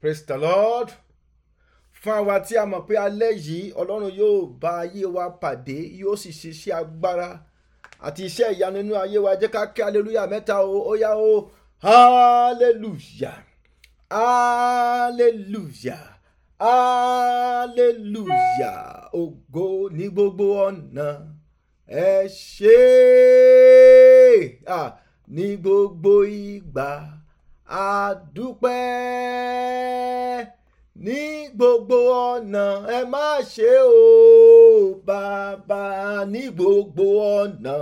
praise the lord fún àwa tí a mọ̀ pé alẹ́ yìí ọlọ́run yóò bá ayé wa pàdé yóò sì ṣiṣẹ́ agbára àti iṣẹ́ ìyanu nínú ayé wa jẹ́ ká kí aleluya mẹ́ta o ó yá o hallelujah hallelujah hallelujah ògo ní gbogbo ọ̀nà ẹ ṣé ní gbogbo ìgbà àdúpẹ́ ní gbogbo ọ̀nà ẹ má ṣe o bàbá ní gbogbo ọ̀nà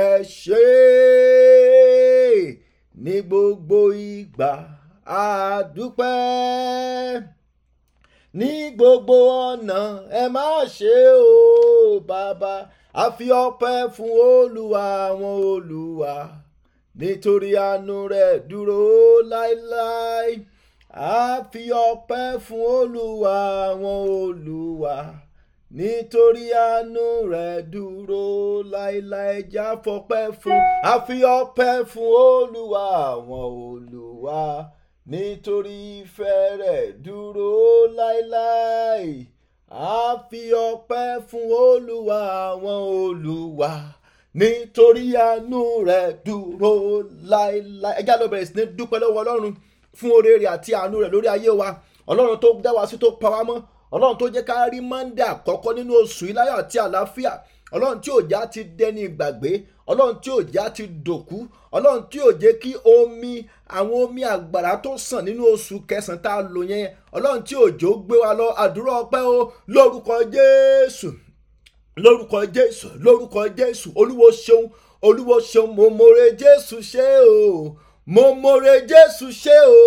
ẹ ṣe ní gbogbo ìgbà àdúpẹ́ ní gbogbo ọ̀nà ẹ má ṣe o bàbá a fi ọpẹ́ fún olúwa àwọn olúwa nítorí àánú rẹ̀ dúró láéláé a fi ọpẹ́ fún olúwa àwọn olúwa nítorí àánú rẹ̀ dúró láéláé já fọpẹ́ fún a fi ọpẹ́ fún olúwa àwọn olúwa nítorí ìfẹ́ rẹ̀ dúró láéláé a fi ọpẹ́ fún olúwa àwọn olúwa nítorí àánú rẹ̀ dúró láéláé ẹjá ló bẹ̀rẹ̀ sí ní dúpẹ́ lọ́wọ́ ọlọ́run fún oore rẹ̀ àti àánú rẹ̀ lórí ayé wa ọlọ́run tó dá wa sí tó pa wá mọ́ ọlọ́run tó jẹ́ ká rí mọ́ndé àkọ́kọ́ nínú oṣù iláyọ̀ àti àlàáfíà ọlọ́run tí òjá ti dẹni ìgbàgbé ọlọ́run tí òjá ti dòkú ọlọ́run tí ò jẹ́ kí omi àwọn omi àgbàrá tó sàn nínú oṣù kẹsàn-án tá a lò yẹn ọlọ́run tí òjò gbé wa lọ àdúrà ọpẹ́ o lórúkọ jésù lórúkọ jésù lórúkọ jésù olúwo ṣeun olúwo ṣeun mo mọre jésù ṣe o mo mọre jésù ṣe o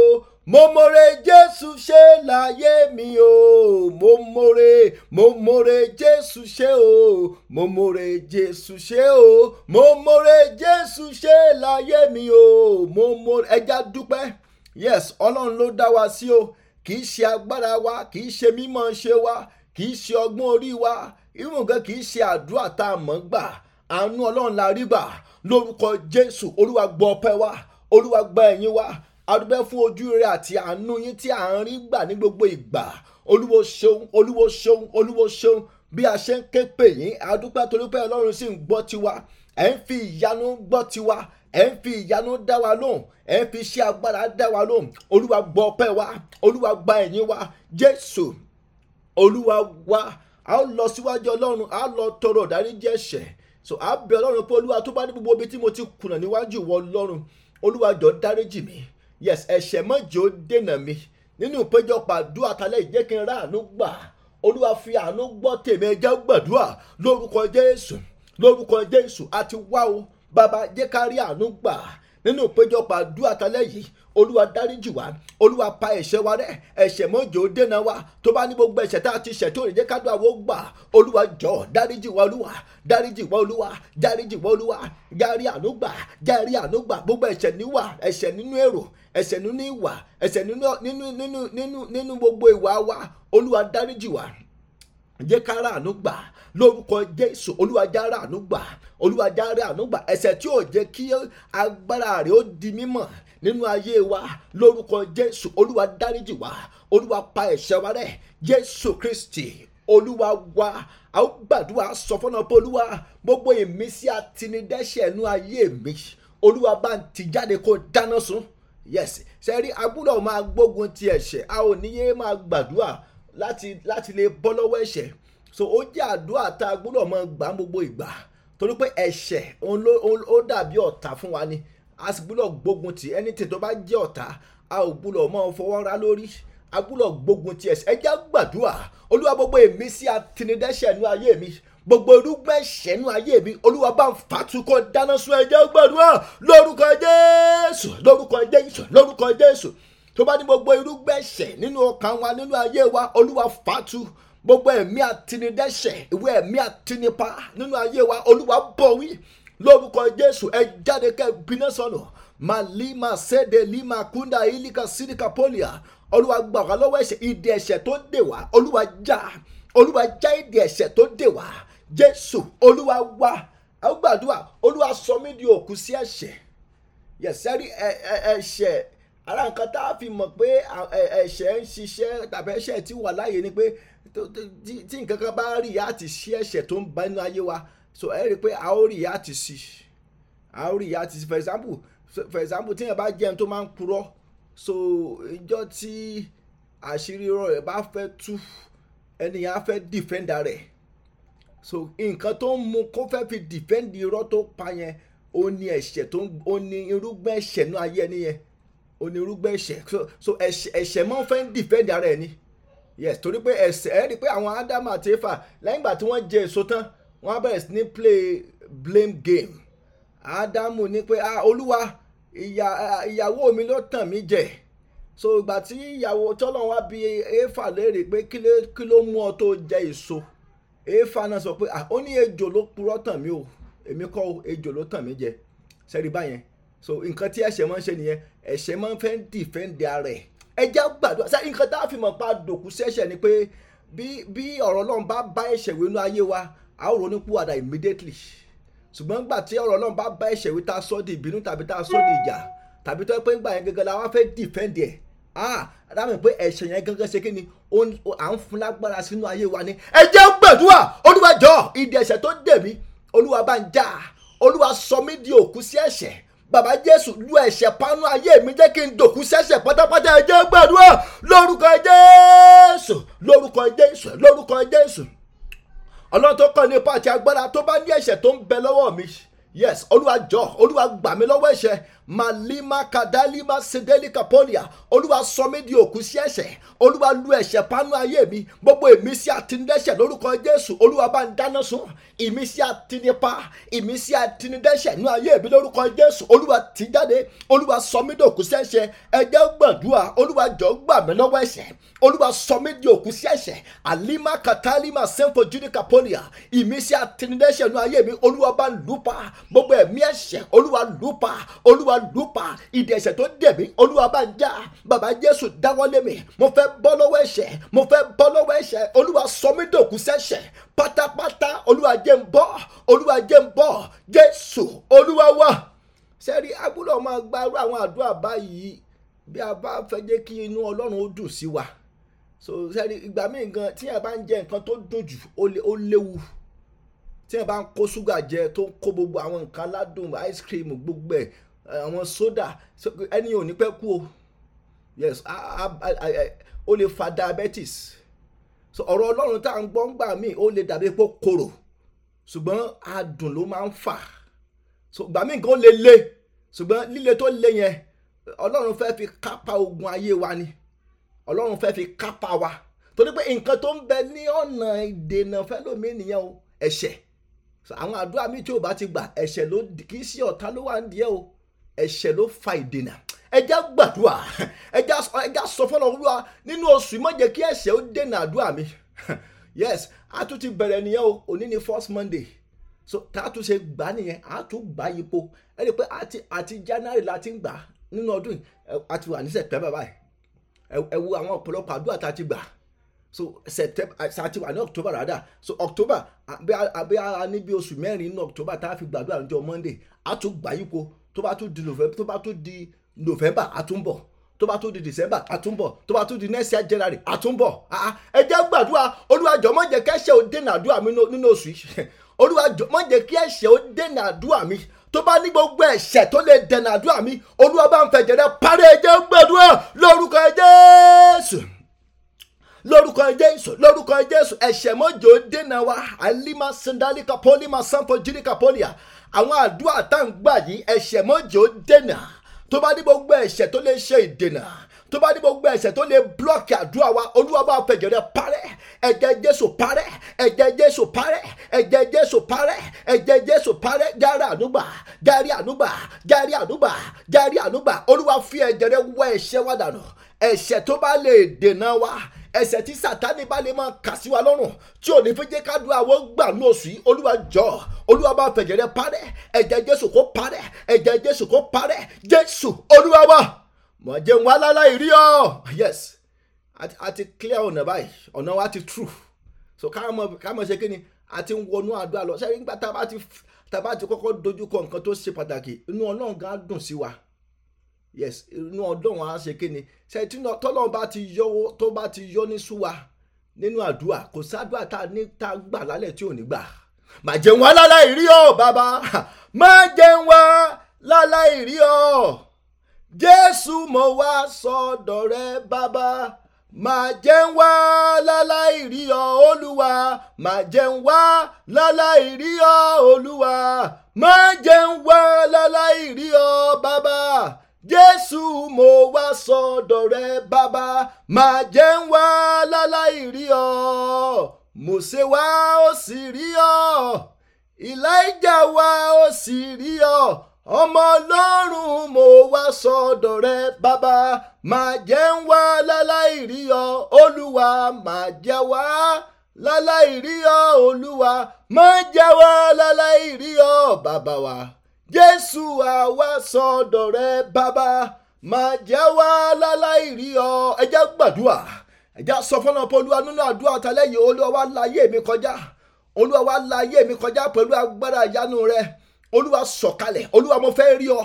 mo mọre jésù ṣe láyé mi o mo mọre mo mọre jésù ṣe o mo mọre jésù ṣe o mo mọre jésù ṣe láyé mi o mo mọre ẹja dúpẹ́ yes ọlọ́run ló dá wa sí o kì í ṣe agbára wa kì í ṣe mímọ̀ ṣe wa kì í ṣe ọgbọ́n orí wa irú nǹkan kì í ṣe àdúrà tá a mọ̀ gbà àánú ọlọ́run la rí gbà lórúkọ jésù olúwa gbọ́ ọpẹ́ wa olúwa gba ẹ̀yìn wa adúbẹ́ fún ojú rẹ àti àánú yín tí à ń rí gbà ní gbogbo ìgbà olúwo ṣeun olúwo ṣeun olúwo ṣeun bí a ṣe ń ké pè yín adúpẹ́ torí pé ọlọ́run sì ń gbọ́ tiwa ẹ̀ ń fi ìyanu gbọ́ tiwa ẹ ń fi ìyanu dá wa lóhùn ẹ ń fi iṣẹ́ agbára dá wa lóhùn olúwa gbọ́ ọpẹ́ wa olúwa gba ẹ̀yìn wa jésù olúwa wa a ó lọ síwájú ọlọ́run a lọ tọrọ ìdáríjì ẹ̀ṣẹ̀ so a bẹ ọlọ́run pé olúwa tó bá ní gbogbo ibi tí mo ti kùnà níwájú ìwọ ọlọ́run olúwa jọ dáríjì mi yes ẹ̀ṣẹ̀ má jẹ́ ó dènà mi nínú ìpéjọpọ̀ àdúrà tálẹ́ ìjẹ́ kí n rà àánú gbà olúwa fi àánú gbọ́ tèmi ẹjẹ́ gbàdúrà lórúkọ jésù lórúkọ jésù àti wá o bàbá jẹ́ ká rí àánú gbà nínú ìpéjọpọ̀ àdúrà tálẹ́ yìí olúwa dáríjì wá olúwa pa ẹ̀ṣẹ̀ wa rẹ́ ẹ̀ṣẹ̀ mọ́jọ́ dènà wa tó bá ní gbogbo ẹ̀ṣẹ̀ tá a ti ṣẹ̀ tó lè jẹ́ ká dùn àwọn gbà olúwa jọ dáríjì wá olúwa dáríjì wá olúwa dáríjì wá olúwa járí ànúgbà járí ànúgbà gbogbo ẹ̀ṣẹ̀ níwà ẹ̀ṣẹ̀ nínú èrò ẹ̀ṣẹ̀ nínú ìwà ẹ̀ṣẹ̀ nínú nínú nínú nínú gbogbo ìwà wa olúwa dáríjì wá jẹ́ ká ráàánú gbà lórúkọ jésù olúwàjá ráàánú gbà olúwàjá ráàánú gbà ẹ̀ṣẹ̀ tí ò jẹ́ kí agbára rẹ̀ ó di mímọ̀ nínú ayé wa lórúkọ jésù olúwa dáríjì wa olúwa pa ẹ̀ṣẹ̀ wa rẹ́ jésù kristi olúwa wa a ó gbàdúrà sọ fọ́nà pé olúwa gbogbo ìmísí àtinúdẹ́ṣẹ̀ inú ayé mi olúwa bá ń ti jáde kó dáná sun yes ṣe rí a gbọ́dọ̀ máa gbógun ti ẹ̀ṣẹ̀ a ò níyé máa gbàdúrà láti láti lè bọ́ lọ́wọ́ ẹ̀ṣẹ̀ so ó jẹ́ àdúrà tá a gbọ́dọ̀ máa gbà gbogbo ìgbà torí pé ẹ̀ṣẹ̀ òun dàbí ọ̀tá fún wa ni a sì gbúdọ̀ gbógun ti anything tó bá jẹ́ ọ̀tá a ò gbúdọ̀ mọ́ fọwọ́ ra lórí a gbúdọ̀ gbógun ti ẹ̀ṣẹ̀ ẹjẹ́ gbàdúrà olúwa gbogbo èmi sí atinidẹ́ṣẹ̀ nú ayé mi gbogbo irúgbẹ́ ẹ̀ṣẹ̀ nú ayé mi olúwa bá ń fàtúkọ dáná sun ẹjẹ́ gbàdúrà lórúkọ jésù lórúkọ jésù lórúkọ jésù tó bá ní gbogbo irúgbẹ́ ẹ̀ṣẹ̀ nínú ọkàn wa nínú ayé wa olúwa fàtú gbogbo ẹ̀mí atinidẹ́ṣẹ̀ ìwé ẹ̀mí atinipa nínú ayé wa olúwa bọ̀ wí lórúkọ jésù ẹ jáde kẹ gbiná sọnù màlímà sẹ́dẹ̀ límà kúndà ìlíkà síríkà pólíà olúwa gbà wá lọ́wọ́ ẹ̀ṣẹ̀ ìdí ẹ̀ṣẹ̀ tó dè wá olúwa já olúwa já ìdí ẹ̀ṣẹ̀ tó dè wá jésù olúwa wá àwọn gbàdúrà olúwa sọ mí di òkú sí ẹ̀ṣẹ̀ yẹ̀sẹ̀rí ẹ̀ṣẹ̀ ara nǹkan tá a fi mọ̀ pé ẹ̀ṣẹ̀ ń ṣiṣẹ́ tàbí ẹ̀ṣẹ̀ ti wà láàyè ni pé tí nǹkan kan bá rí i á ti ṣí ẹ̀ṣẹ̀ tó ń ba inú ayé wa so ẹ rí i pé a ó rí ìyá àti sí a ó rí ìyá àti sí for example for example tíyẹn bá jẹun tó máa ń purọ́ so ìjọ tí àṣírí irọ́ rẹ̀ bá fẹ́ tú ẹnìyàn á fẹ́ dìfẹ́ǹdà rẹ̀ so nǹkan tó ń mú kó fẹ́ fi dìfẹ́ǹdì irọ́ tó pa yẹn ó ní ẹ̀ṣẹ̀ tó ń ó ní irúgbẹ́ ẹ̀ṣẹ̀ náà ayé ẹni yẹn ó ní irúgbẹ́ ẹ̀ṣẹ̀ so so ẹ̀ṣẹ̀ máa ń fẹ́ dìfẹ́ǹdì ara ẹ̀ ni yes torí pé ẹ̀ṣẹ̀ ẹ̀ rí i pé àwọn ádámù àti éfà lẹ́yìn ìgbà tí wọ́n jẹ èso tán wọ́n bẹ̀rẹ̀ sí ní play blame game ádámù ní pé ah olúwa ìyàwó mi ló tàn mí jẹ so ìgbà tí ìyàwó tọ́lọ́ wá bi éfà léèrè pé kí ló mú ọ tó jẹ èso éfà náà sọ pé ah ó ní ejò ló purọ́ tàn mí o èmi kọ́ ejò ló tàn mí jẹ sẹ́rí báyẹn so nǹkan tí ẹ̀ṣẹ̀ máa ń ṣe nìyẹn ẹ̀ṣẹ̀ máa ń fẹ́ dìfẹ́ǹdì ara ẹ̀ ẹ jẹ́ gbàdúrà sẹ́ nǹkan tá a fi mọ̀ pa dòkú sẹ́ṣẹ̀ ni pé bí ọ̀rọ̀ ọlọ́run bá bá ẹ̀ṣẹ̀ wínú ayé wa a ó ronúpìwàdà immediately ṣùgbọ́n gbà tí ọ̀rọ̀ náà bá bá ẹ̀ṣẹ̀ wí tá a sọ di ìbínú tàbí tá a sọ di ìjà tàbí tó yẹ pé ńgbà yẹn gẹ́gẹ́ la wá fẹ́ defend ẹ̀ ah dábàá pé ẹ̀ṣẹ̀ yẹn gẹ́gẹ́ ṣe kí ni à ń fún lágbára sínú ayé wa ni ẹ jẹ́ gbàdúrà olúwa jọ̀ọ́ ìdí ẹ̀ṣẹ̀ tó dè mí olúwa bá ń jà olúwa sọ mí di òkú sí ẹ̀ṣẹ̀ bàbá jésù lu ẹ̀ṣẹ̀ panu ayé mi jẹ́ kí n dòkú sẹ́ṣẹ̀ pátápátá ẹ jẹ́ gbàdúrà lórúkọ jésù lórúkọ jésù lórúkọ jésù ọlọ́run tó kàn ní ipa àti agbára tó bá ní ẹ̀ṣẹ̀ tó ń bẹ lọ́wọ́ mi yes olúwa jọ olúwa gbà mí lọ́wọ́ ẹ̀ṣẹ̀ malima kadalima sedelika polia olúwa sọ mí di òkú sí ẹ̀ṣẹ̀ olúwa lu ẹ̀ṣẹ̀ panu ayé mi gbogbo ìmísí àtinúdẹ́ṣẹ̀ lórúkọ jésù olúwa bá ń dáná sun ìmísí àtinipa ìmísí àtinúdẹ́ṣẹ̀ nú ayé mi lórúkọ jésù olúwa ti jáde olúwa sọ di òkú sí ẹ̀ṣẹ̀ ẹjẹ gbàdúrà olúwa jọ gbà mí lọ́wọ́ ẹ̀ṣẹ̀ olúwa sọ di òkú sí ẹ̀ṣẹ̀ alima katalima sẹfọ judika polia ìmísí àtinúdẹ́ṣẹ̀ nú ayé mi olúwa bá ń lupa gbogbo ẹ̀mí ẹ̀ṣẹ̀ olúwa lupa olúwa olúwa lùpà ìdè ẹ̀ṣẹ̀ tó dè mí olúwa bá ń já bàbá jésù dáwọ́lé mi mo fẹ́ bọ́ lọ́wọ́ ẹ̀ṣẹ̀ mo fẹ́ bọ́ lọ́wọ́ ẹ̀ṣẹ̀ olúwa sọ mí dòkú sẹ́ṣẹ̀ pátápátá olúwa jẹ́ ń bọ́ olúwa jẹ́ ń bọ́ jésù olúwa wá sẹ́rí agbúdọ̀ máa gbárù àwọn àdúrà báyìí bí a bá fẹ́ jẹ́ kí inú ọlọ́run ó dùn sí wa so sẹ́rí ìgbà míì gan tí a bá ń jẹ nǹkan tó dùn jù ó léwu tí a bá ń kó ṣúgà jẹ tó ń kó gbogbo àwọn nǹkan aládùn ice cream gbogbo ẹ̀ àwọn sódà ẹni ò ní pẹ́ kú o yes ó lè fa diabetes so ọ̀rọ̀ ọlọ́run tá à ń gbọ́ ń gbà mí ó lè dàbí pé kòrò ṣùgbọ́n adùn ló máa ń fà so gbà mí nǹkan ó lè le ṣùgbọ́n líle tó le yẹn ọlọ́run fẹ́ fi kápá ogun ayé wa ni ọlọ́run fẹ́ fi kápá wa torí pé nǹkan tó ń bẹ ní ọ̀nà ìdènà fẹ́lómi nìyẹn o ẹ̀ṣẹ̀ àwọn àdúrà mi tí ò bá ti gbà ẹ̀ṣẹ̀ ló kì í ṣe ọ̀tá ló wà ń díẹ̀ o ẹ̀ṣẹ̀ ló fa ìdènà ẹjá gbàdúrà ẹjá sọ fọlọ olúwa nínú oṣù má jẹ́ kí ẹ̀ṣẹ̀ ó dènà àdúrà mi yes a tún ti bẹ̀rẹ̀ nìyẹn o òní ni first monday so tá a tún ṣe gbà nìyẹn a tún gbà yípo ẹ rí i pé àti àti january la ti ń gbà nínú ọdún a ti wà ní september báyìí ẹ wo àwọn ọ̀pọ̀lọpọ̀ àdúrà tá a ti gbà so september àti wà ní october rádà so october àbí a ní bí oṣù mẹ́rin nínú october tá a fi gbàdúrà níjọ́ monday a tún gbà po tó bá tún di november tó bá tún di november àtúnbọ̀ tó bá tún di december àtúnbọ̀ tó bá tún di next year january àtúnbọ̀ ah, ah, ẹ jẹ́ gbàdúrà olúwa jọ̀ọ́ má jẹ́ kẹ́ṣẹ̀ ó dènà àdúrà mi nínú oṣù yìí olúwa jọ̀ọ́ má jẹ́ kí ẹ̀ṣẹ̀ ó dènà àdúrà mi tó bá ní gbogbo ẹ̀ṣẹ̀ tó lè dènà àdúrà mi olúwa bá ń fẹ̀jẹ̀ rẹ parí ẹ jẹ́ gbàdúrà lórúkọ jésù lórúkọ jésù lórúkọ jésù ẹ̀ṣẹ̀ mọ́jọ́ dènà wa alima sandalika polima sanpo jirika polia àwọn àdúrà tá à ń gbà yìí ẹ̀ṣẹ̀ mọ́jọ́ dènà tó bá ní gbogbo ẹ̀ṣẹ̀ tó lè ṣe ìdènà tó bá ní gbogbo ẹ̀ṣẹ̀ tó lè blọọkì àdúrà wa olúwa bá fẹ̀jẹ̀ rẹ̀ parẹ́ ẹ̀jẹ̀ jésù parẹ́ ẹ̀jẹ̀ jésù parẹ́ ẹ̀jẹ̀ jésù parẹ́ ẹ̀jẹ̀ jésù parẹ́ járe ànúgbà járe ànúgbà járe ànúgbà járe ànúgbà olúwa fi ẹ̀jẹ̀ rẹ̀ wẹ̀ ẹ̀ṣẹ̀ wa dànù ẹ̀ṣẹ̀ tó bá lè dènà wa ẹ̀ṣẹ̀ tí sátani bá lè máa kà sí wa lọ́rùn tí ò ní fi jẹ́ ká dùn àwọn gbà ní oṣù yìí olúwa jọ olúwa bá fẹ̀jẹ̀ rẹ parẹ́ ẹ̀jẹ̀ jésù kó parẹ́ ẹ̀jẹ̀ jésù kó parẹ́ jésù olúwa wa mọ̀ jẹ́ wọn aláláì rí ọ yes a ti clear ọ̀nà báyìí ọ̀nà wa ti true so ká mọ̀ ká mọ̀ ṣe kí ni a ti ń wọnú àdúrà lọ sẹ́yìn nígbà tá a bá ti kọ́kọ́ dojú kọ nǹkan tó ṣe pàtàkì inú ọlọ́run gan dùn sí wa yes inú ọlọ́run á ṣe kíni ṣètì tọ́lọ́run bá ti yọ tó bá ti yọ ní súwa nínú àdúrà kò sádùá tá a gbà lálẹ́ tí ò ní gbà má jẹun wá láláì rí ọ bàbá má jẹun wá láláì rí ọ jésù mo wá sọ́dọ̀ rẹ bàbá má jẹ́ ń wá láláì rí ọ olúwa má jẹ́ ń wá láláì rí ọ olúwa má jẹ́ wá láláì rí ọ bàbá jésù mo wá sọ́dọ̀ rẹ bàbá má jẹ́ ń wá láláì rí ọ mòṣe wá ó sì rí ọ ìláìjà wá ó sì rí ọ ọmọ ọlọ́run mo wá sọ́dọ̀ rẹ bàbá má jẹ́ ń wá láláì rí ọ olúwa má jẹ́ wá láláì ọ olúwa má jẹ́ wá láláì ọ bàbá wa jésù àwa sọ̀dọ̀ rẹ bàbá máa jẹ́ wá láláì rí ọ ẹ jẹ́ gbàdúrà ẹ jẹ́ sọ fọ́nà polúwa nínú àdúrà tálẹ́ yìí olúwa wá láyé mi kọjá olúwa wá láyé mi kọjá pẹ̀lú agbára ìyanu rẹ olúwa sọ̀kalẹ̀ olúwa mo fẹ́ rí ọ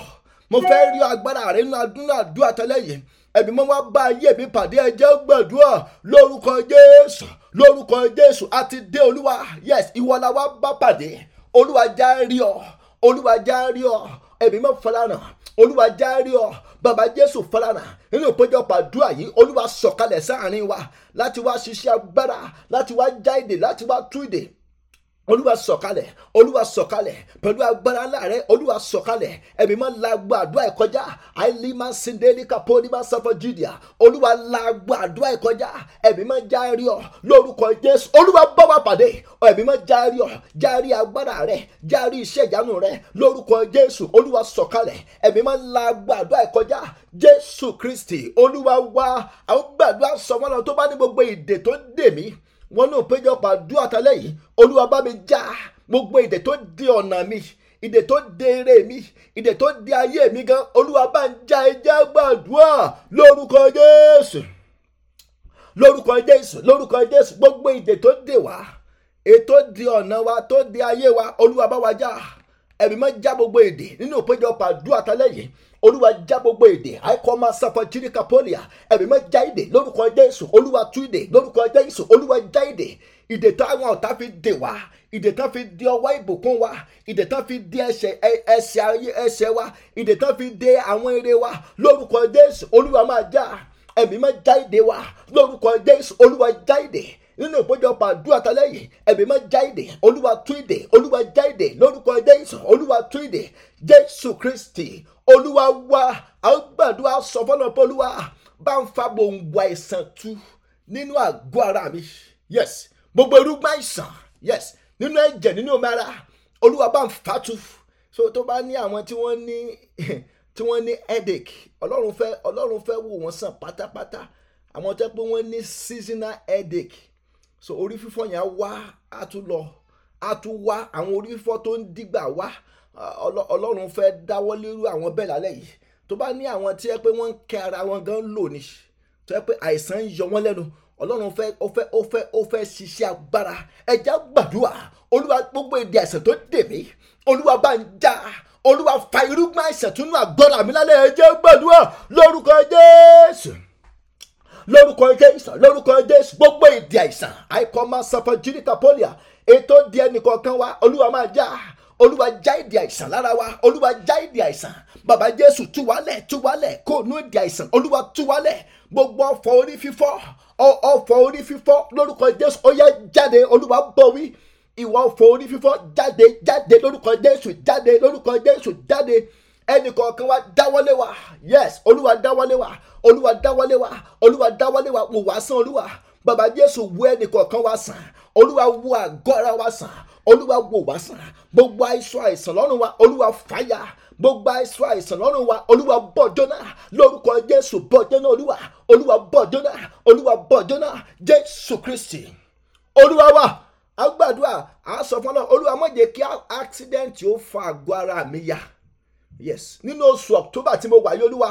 mo fẹ́ rí agbára rẹ nínú àdúrà tẹ́lẹ̀ yìí mo wá bá ayé mi pàdé ẹjẹ́ gbàdúrà lórúkọ jésù lórúkọ jésù àti dé olúwa yes ìwọ la wá bá pàdé olúwa já rí ọ olúwa járí ọ ẹ̀mí mọ́ falana olúwa járí ọ bàbá jésù falana nínú ìpéjọpọ̀ àdúrà yìí olúwa sọ̀kalẹ̀ sáàrin wa láti wá ṣiṣẹ́ agbára láti wá já ìdè láti wá tú ìdè olúwa sọ̀kalẹ̀ olúwa sọ̀kalẹ̀ pẹ̀lú agbára ńlá olúwa sọ̀kalẹ̀ ẹ̀mí máa la agbo àdúrà ìkọjá àìlí máa sin délé kapo ní máa sanfọ jìdìá olúwa la agbo àdúrà ìkọjá ẹ̀mí máa já rí ọ lórúkọ jésù olúwa bá wa pàdé ẹ̀mí máa já rí ọ já rí agbára rẹ já rí iṣẹ́ ìyanu rẹ lórúkọ jésù olúwa sọ̀kalẹ̀ ẹ̀mí máa la agbo àdúrà ìkọjá jésù kristi olúwa wá àwọn gbàdúrà sọ wọn náà péjọpọ̀ àdúrà tálẹ́ yìí olúwa bá mi já gbogbo ìdè tó di ọ̀nà mi ìdè tó de eré mi ìdè tó de ayé mi gan olúwa bá ń já ẹjẹ́ gbàdúrà lórúkọ jésù lórúkọ jésù lórúkọ jésù gbogbo ìdè tó de wá ètò di ọ̀nà wa tó de ayé wa olúwa bá wa já. Ja ẹ̀mí máa já gbogbo èdè nínú ìpéjọpọ̀ àdúrà tálẹ́ yìí olúwa já gbogbo èdè àìkọ́má sàfàjìríkà pọ́lìà ẹ̀mí máa já èdè lórúkọ jésù olúwa tú èdè lórúkọ jésù olúwa já èdè ìdè táwọn ọ̀tá fi dè wá ìdè tán fi di ọwọ́ ìbùkún wa ìdè tán fi di ẹsẹ̀ ẹsẹ̀ ayé ẹsẹ̀ wa ìdè tán fi di àwọn eré wa lórúkọ jésù olúwa máa já ẹ̀mí máa já èdè wa lórúkọ jésù olúwa já èdè nínú ìpéjọpọ̀ àdúrà tálẹ́ yìí ẹ̀mí máa já ìdè olúwa tún ìdè olúwa já ìdè lórúkọ jésù olúwa tún ìdè jésù kristi olúwa wá àwọn gbàdúrà sọ fọlọ pé olúwa bá ń fa gbòǹgbò àìsàn tú nínú àgọ́ ara mi yes gbogbo irúgbà àìsàn yes nínú ẹ̀jẹ̀ nínú omi ara olúwa bá ń fa tú so tó bá ní àwọn tí wọ́n ní tí wọ́n ní headache ọlọ́run fẹ́ ọlọ́run fẹ́ wò wọ́n sàn pátápátá àwọn tó pé wọ́n ní seasonal headache so orí fífọ́ yẹn á wá á tún lọ á tún wá àwọn orí fífọ́ tó ń dìgbà wá ọlọ́run fẹ́ dáwọ́ lérú àwọn bẹ́ẹ̀ lálẹ́ yìí tó bá ní àwọn tí ẹ pé wọ́n ń kẹ́ ara wọn gan lò ní tó yẹ pé àìsàn ń yọ wọ́n lẹ́nu ọlọ́run fẹ́ ó fẹ́ ó fẹ́ ó fẹ́ ṣiṣẹ́ agbára ẹja gbàdúrà olúwa gbogbo èdè àìsàn tó dè mí olúwa bá ń já olúwa fa irúgbìn àìsàn tún nù àgbọ̀dà mi lálẹ́ ẹjẹ́ gbàdúrà lórúkọ jésù lórúkọ jésù lórúkọ jésù gbogbo èdè àìsàn àìkọ́ máa sanfọ jírítà pólíà ètò di ẹnìkọ̀ọ̀kan wa olúwa máa já olúwa já ìdí àìsàn lára wa olúwa já ìdí àìsàn bàbá jésù túwálẹ̀ túwálẹ̀ kó nú ìdí àìsàn olúwa túwálẹ̀ gbogbo ọ̀fọ̀ orí fífọ́ ọ̀fọ̀ orí fífọ́ lórúkọ jésù ó yá jáde olúwa bọ̀ wí ìwọ ọ̀fọ̀ orí fífọ́ jáde jáde lórúkọ jésù jáde lórúkọ jésù jáde. jáde ẹnì kọ̀ọ̀kan wa dáwọ́lé wa yes olúwa dáwọ́lé wa olúwa dáwọ́lé wa olúwa dáwọ́lé wa wò wá sàn olúwa bàbá jésù wo ẹnì kọ̀ọ̀kan wa sàn olúwa wo àgọ́ wa sàn olúwa wò wá sàn gbogbo àìsàn àìsàn lọ́rùn wa olúwa fàyà gbogbo àìsàn àìsàn lọ́rùn wa olúwa bọ̀ jóná lórúkọ jésù bọ̀ jóná olúwa olúwa bọ̀ jóná olúwa bọ̀ jóná jésù kristi olúwa wa agbàdúrà àá sọ fún ọlọ́run olúwa má jẹ́ kí accident ó fa àgọ́ ara mi ya yes nínú oṣù october tí mo wà yí olúwa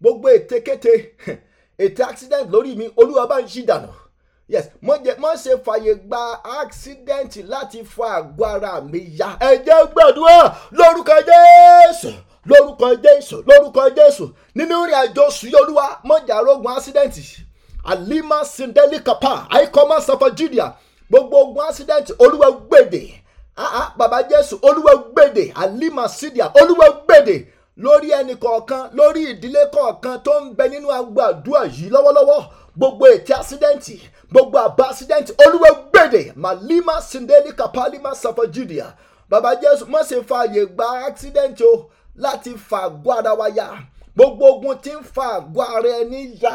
gbogbo ètekéte ète accident lórí mi olúwa bá ń ṣí dànù yes mo jẹ mo ṣe fàyè gba accident láti fọ àgọ́ ara mi ya ẹ jẹ́ gbàdúrà lórúkọ jésù lórúkọ jésù lórúkọ jésù nínú ìrìn àjò oṣù yìí olúwa mo jà rogun accident alima sindeli kapa àìkọ́mọ́ sọfọ judea gbogbo ogun accident olúwa gbèdè Ah, ah, bàbá jésù olúwa gbèdè alima sidia olúwa gbèdè lórí ẹnì kọ̀ọ̀kan lórí ìdílé kọ̀ọ̀kan tó ń bẹ nínú agbàdúrà yìí lọ́wọ́lọ́wọ́ gbogbo ètí àsídẹ́ǹtì gbogbo àbá àsídẹ́ǹtì olúwa gbèdè màlímà sindeli kapalima safajidia bàbá jésù má ṣe fààyè gba àsídẹ́ǹtì o láti fàgọ́ ara wa ya gbogbo ogun tí ń fàgọ́ ara ẹni ya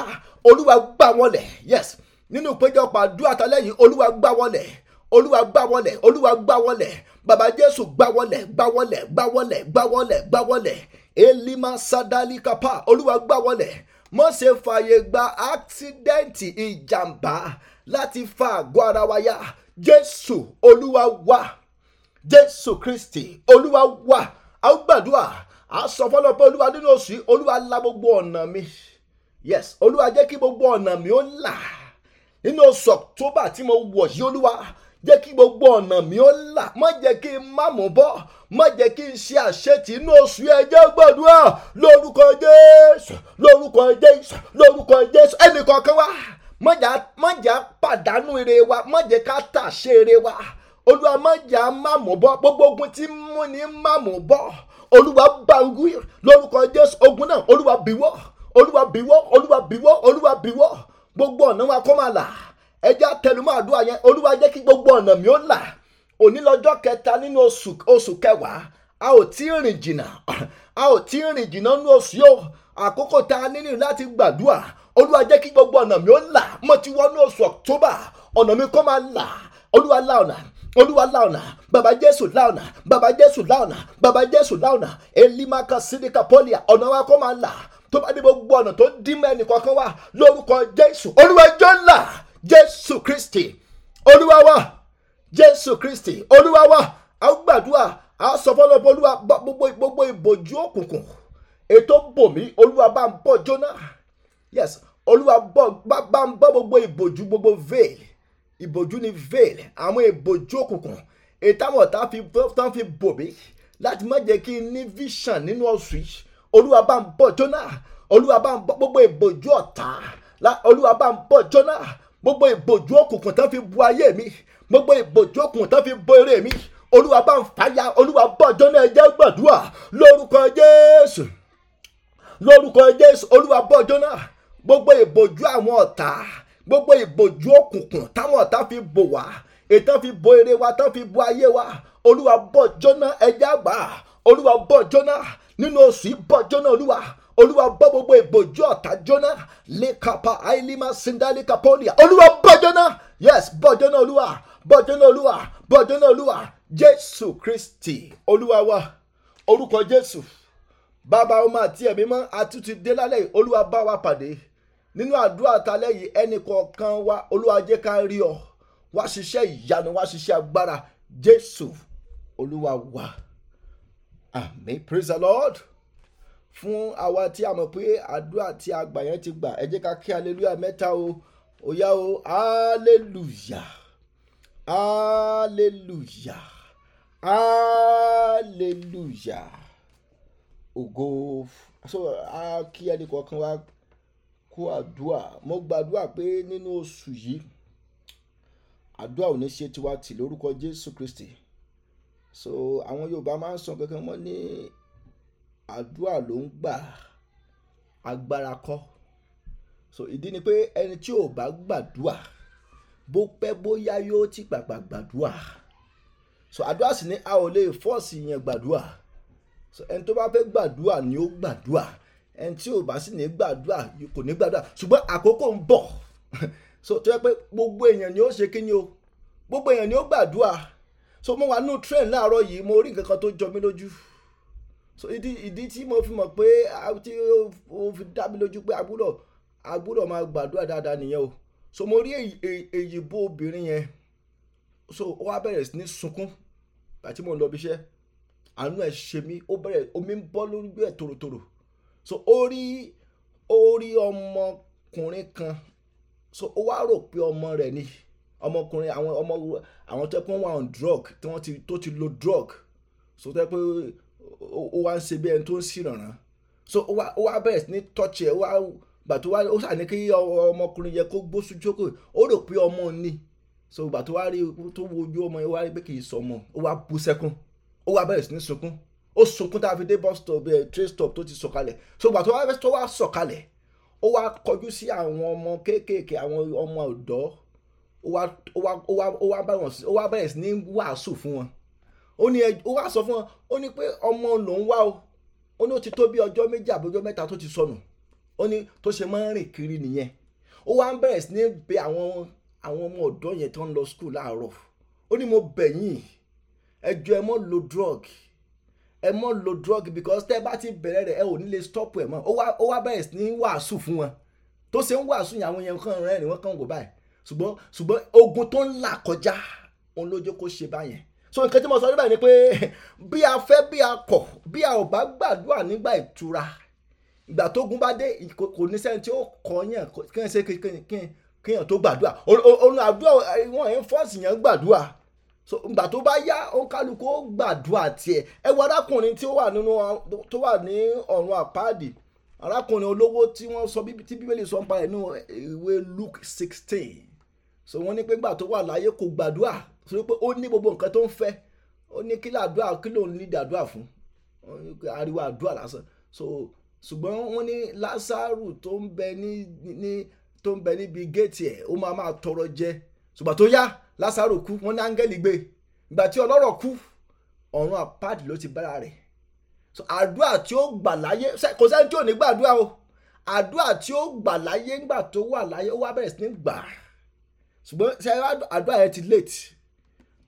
olúwa gbà wọlẹ̀ yes nínú ìpéjọpọ̀ àdúrà tálẹ́yìn olúwa gbà wọlẹ̀ olúwa gbá wọlẹ̀ olúwa gbá wọlẹ̀ bàbá jésù gbá wọlẹ̀ gbá wọlẹ̀ gbá wọlẹ̀ gbá wọlẹ̀ gbá wọlẹ̀ elima sadali kapa olúwa gbá wọlẹ̀ mọ̀ ṣe fààyè gba àksidẹ́ǹtì ìjàmbá láti fa àgọ́ ara wa ya jésù olúwa wà jésù kristi olúwa wà a ó gbàdúrà a fọlọ pé olúwa nínú oṣù olúwa la gbogbo ọ̀nà mi yes olúwa jẹ́ kí gbogbo ọ̀nà mi ó là nínú oṣù october tí mo wọ̀ yìí olúwa jẹ́ kí gbogbo ọ̀nà mi ó là má jẹ́ kí n má mú bọ́ má jẹ́ kí n ṣe àṣetì inú oṣù ẹjẹ́ gbàdúrà lórúkọ Jésù lórúkọ Jésù lórúkọ Jésù ẹnìkọ̀ọ̀kan wa má jẹ́ pàdánù ire wa má jẹ́ ká tàṣe ire wa olúwa má jẹ́ má mú bọ́ gbogbo ogun tí mú ni má mú bọ́ olúwa bangu lórúkọ Jésù ogun náà olúwa bíwọ́ olúwa bíwọ́ olúwa bíwọ́ olúwa bíwọ́ gbogbo ọ̀nà wa kó máa là ẹjẹ́ àtẹnumọ́ àdúrà yẹn olúwa jẹ́ kí gbogbo ọ̀nà mi ó là òní lọ́jọ́ kẹta nínú oṣù oṣù kẹwàá a ò tí ì rìn jìnnà a ò tí ì rìn jìnnà nínú oṣù yóò àkókò tá a nílò láti gbàdúrà olúwa jẹ́ kí gbogbo ọ̀nà mi ó là mo ti wọnú oṣù october ọ̀nà mi kó máa là olúwa là ọ̀nà olúwa là ọ̀nà baba jésù là ọ̀nà baba jésù là ọ̀nà baba jésù là ọ̀nà elimaka sídìkà pọ́lìà ọ̀nà wa kó máa là tó bá dé gbogbo ọ̀nà tó dín mẹ́ẹ̀nì kankan wá lórúkọ jésù olúwa jọ́ là jésù kristi olúwa wa jésù kristi olúwa wa a ó gbàdúrà a ó sọ fọlọ́pọ̀ olúwa gbogbo gbogbo ìbòjú òkùnkùn ètò bòmí olúwa bá ń bọ̀ jóná yes olúwa bá ń bọ́ gbogbo ìbòjú gbogbo veil ìbòjú ni veil àwọn ìbòjú òkùnkùn ìtàwọn fi a fi bòmí láti má jẹ́ kí n ní vision nínú ọ̀sùn yìí olúwa bá ń bọ̀ jóná olúwa bá ń bọ́ gbogbo ìbòjú ọ̀tá olúwa bá ń bọ̀ jóná gbogbo ìbòjú òkùnkùn tán fi bu ayé mi gbogbo ìbòjú òkùnkùn tán fi bo eré mi olúwa bá ń fàyà olúwa bọ́jọ́ náà jẹ́ gbàdúrà lórúkọ jésù lórúkọ jésù olúwa bọ́jọ́ náà gbogbo ìbòjú àwọn ọ̀tá gbogbo ìbòjú òkùnkùn táwọn ọ̀tá fi bò wá ètò fi bo eré wa tán fi bo ayé wa olúwa bọ́jọ́ náà ẹjẹ́ àgbà olúwa bọ́jọ́ náà nínú oṣù ìbọ̀jọ́ náà olúwa olúwa bọ́ gbogbo ìbòjú ọ̀tá jóná lẹ́kàpá àìlímà sindalika polia olúwa bọ́ jóná yes bọ́ jóná olúwa bọ́ jóná olúwa bọ́ jóná olúwa jésù kristi olúwa wa orúkọ jésù bàbá ọmọ àti ẹ̀mí mọ́ àtúntì dé lálẹ́ yìí olúwa bá wa pàdé nínú àdúrà talẹ́ yìí ẹnì kọ̀ọ̀kan wa olúwa jẹ́ ká rí ọ wá ṣiṣẹ́ ìyanu wá ṣiṣẹ́ agbára jésù olúwa wa àmín praise the lord fún àwa tí a mọ̀ pé àdúrà tí a gbà yẹn ti gbà ẹ jẹ́ ká kí hallelujah mẹ́ta o òyà o hallelujah hallelujah hallelujah ògo so a kí ẹnì kọ̀ọ̀kan wa kó àdúrà mo gbàdúrà pé nínú oṣù yìí àdúrà ò ní ṣe tiwa tì lórúkọ Jésù Kristi so àwọn Yorùbá máa ń sọ kankan mọ́ ní àdúrà ló ń gbà agbára kọ́ so ìdí ni pé ẹni tí ò bá gbàdúrà bó pẹ́ bóyá yóò ti pàpà gbàdúrà so àdúrà sì ni a ò lè fọ́ọ̀sì yẹn gbàdúrà so ẹni tó bá fẹ́ gbàdúrà ni ó gbàdúrà ẹni tí ò bá sì ní gbàdúrà kò ní gbàdúrà ṣùgbọ́n àkókò ń bọ̀ so tó yẹ pé gbogbo èèyàn ni ó ṣe kí ni o gbogbo èèyàn ni ó gbàdúrà so mo wà nù trend láàárọ̀ yìí mo rí nǹkan kan tó jọ mí lójú so ìdí ìdí tí mo fi mọ̀ pé tí o fi dá mi lójú pé agbúdọ̀ agbúdọ̀ máa gbàdúrà dáadáa nìyẹn o so mo rí èyìnbó obìnrin yẹn so ó wá bẹ̀rẹ̀ sí ní sunkún àti mò ń lọ bí iṣẹ́ àánú ẹ̀ ṣe mí ó bẹ̀rẹ̀ omi ń bọ́ lórí ẹ̀ tòròtòrò so ó rí ó rí ọmọkùnrin kan so ó wá rò pé ọmọ rẹ̀ ni ọmọkùnrin àwọn ọmọ àwọn tó pọ́n wà on drug tí wọ́n ti tó ti lo drug so tó ó wá ń ṣe bí ẹni tó ń ṣìrànràn so ó wá bẹ̀rẹ̀ ní tọ́ọ̀chì ẹ̀ gbà tó wá ó sà ní kí ọmọkùnrin yẹ kó gbóṣù jókòó ó rò pé ọmọ ni so gbà tó wá rí tó wo ojú ọmọ yẹn wá rí pé kì í sọ ọmọ ó wá bú sẹ́kún ó wá bẹ̀rẹ̀ sí ní sunkún ó sunkún tá a fi dé bus stop ẹ̀ eh, train stop tó ti sọ̀kalẹ̀ so gbà tó wá fẹ́ tó wá sọ̀kalẹ̀ ó wá kọjú sí àwọn ọmọ kéékèèké àwọn ọmọ ọ̀dọ́ ó wá bẹ̀rẹ̀ sí ní wàásù fún wọn ó ní ó wá sọ fún wọn ó ní pé ọmọ lòún wá o ó ní ó ti tó bí ọjọ́ méjì àbójọ́ mẹ́ta tó ti sọnù ó ní tó ṣe máa ń rìn kiri nìyẹn ó wá ń bẹ̀rẹ̀ sí ní bẹ àwọn àwọn ọmọ ọ̀dọ́ yẹn tó ń lọ skul láàárọ̀ ó ní mo bẹ̀ ẹjọ́ ẹ mọ́ lo drug ẹ mọ́ lo drug because tẹ́ bá ti bẹ̀rẹ̀ rẹ̀ ẹ ò ní lè stop ẹ̀ mọ́ ó wá bẹ̀rẹ̀ sí ní wàásù fún wọn tó ṣe ń wàásù yẹn àwọn yẹn kàn rẹ́rìn wọ́n kàn wò báyìí ṣùgbọ́n ṣùgbọ́n ogun tó ń là kọjá òun ló jẹ́ kó ṣe báyẹn so nǹkan tí mo sọ níbẹ̀ ni pé bí a fẹ́ bí a kọ̀ bí a ò bá gbàdúrà nígbà ìtura ìgbà tógun bá dé kò ní sẹ́ni tí ó kọ́ yàn kí n ṣe kí yàn tó gbàdúrà òun àdúrà wọn ẹ̀ fọ́ọ̀sì yẹn gbàdúrà so ìgbà tó bá yá òǹkálukú ó gbàdúrà tiẹ̀ ẹ wo arákùnrin tí ó wà nínú tó wà ní ọ̀run àpáàdì arákùnrin olówó tí wọ́n sọ tí bíbélì sọ ń pa ẹ̀ nínú ìwé Luke sixteen so wọ́n ní pé ìgbà tó wà láyé kò gbàdúrà torí pé ó ní gbogbo nǹkan tó ń fẹ́ ó ní kí làdúrà kí ló ń nídìí àdúrà fún ariwo àdúrà lásán so ṣùgbọ́n wọ́n ní Lásárù tó ń bẹ ní ní tó ń bẹ níbi géètì ẹ̀ ó máa máa tọrọ jẹ ṣùgbọ́n tó yá Lásárù kú wọ́n ní áńgẹ́lì gbé ìgbà tí ọlọ́rọ̀ kú ọ̀run àpáàdì ló ti bára rẹ̀ so àdúrà tí ó gbà láyé kò sẹ́ni tí ò ní gbàdúrà o àdúrà tí ó gbà láyé nígbà tó wà láyé ó wá bẹ̀rẹ̀ sí ní gbà ṣùgbọ́n ṣe àdúrà yẹn ti late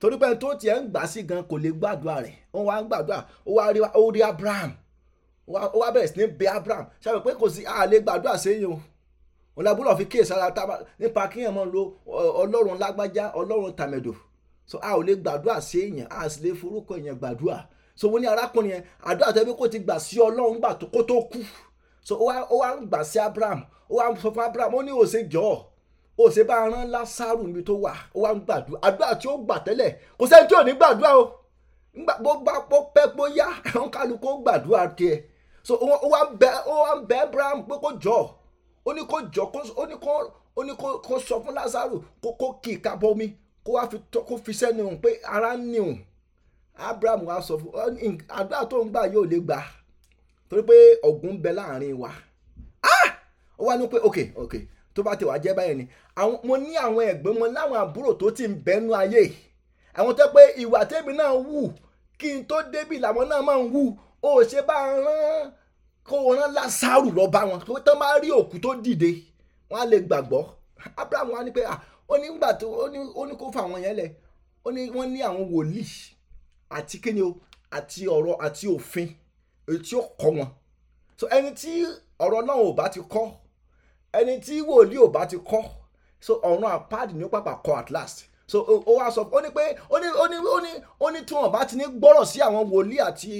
torí pé tó tiẹ̀ ń gbà sí gan kò lè gbàdúrà rẹ̀ ó wá ń gbàdúrà ó wá rí ó rí Abraham ó wá bẹ̀rẹ̀ sí ní bẹ̀ Abraham ṣàbẹ̀ pé kò sí a lè gbàdúrà sẹ́yìn o òun làbúrò fi kíyèsí ara tábà nípa kíyàn mọ́ lo ọlọ́run lágbájá ọlọ́run tàmẹ̀dò so a ò lè gbàdúrà sí èèyàn a sì lè forúkọ èèyàn gbàdúrà so wọ́n ní arákùnrin yẹn àdúrà tẹ́bí kò ti gbà sí ọlọ́run gbà kó tó kú so ó wá ń gbà sí Abraham ó wá ń sọ fún Abraham ó ní òsè jọ́ ó ṣe bá rán lásàrù níbi tó wà ó wá ń gbàdúrà àdúrà tí ó gbà tẹ́lẹ̀ kò sẹ́ni tí ò ní gbàdúrà o bó bá pọ́ pẹ́ pọ́ yá àwọn kálukú ó gbàdúrà tiẹ̀ so ó wá bẹ ó wá bẹ Abraham pé kó jọ ó ní kó jọ ó ní kó ó ní kó sọ fún lásàrù kó kó kì í kábọ́ mi kó wá fi tọ́ kó fi sẹ́ni pé ara ń ni Abraham wá sọ fún àdúrà tó ń gbà yóò lè gbà torí pé ọ̀gùn ń bẹ láàrin wa ah! ó wá ní pé ok ok tó bá ti wá jẹ́ báyìí ni mo ní àwọn ẹ̀gbọ́n mo láwọn àbúrò tó ti ń bẹ́nu ayé àwọn tó pé ìwà tèmi náà wù kí n tó débì làwọn náà máa ń wù ó ṣe bá rán kó rán lásàrù lọ bá wọn tó tán bá rí òkú tó dìde wọn á lè gbàgbọ́ abraham wá ní pé ó ní gbà tó ó ní kó fa àwọn yẹn lẹ̀ ó ní ní àwọn wòlíì àti kíni o àti ọ̀rọ̀ àti òfin èyí tí ó kọ́ wọn so ẹni tí ọ̀rọ̀ náà ò bá ti kọ́ ẹni tí wòlíì ò bá ti kọ́ so ọ̀run àpáàdì ni ó pàpà kọ́ at last so ó wá sọ ó ní pé ó ní ó ní ó ní ó ní tí wọn bá ti ní gbọ́rọ̀ sí àwọn wòlíì àti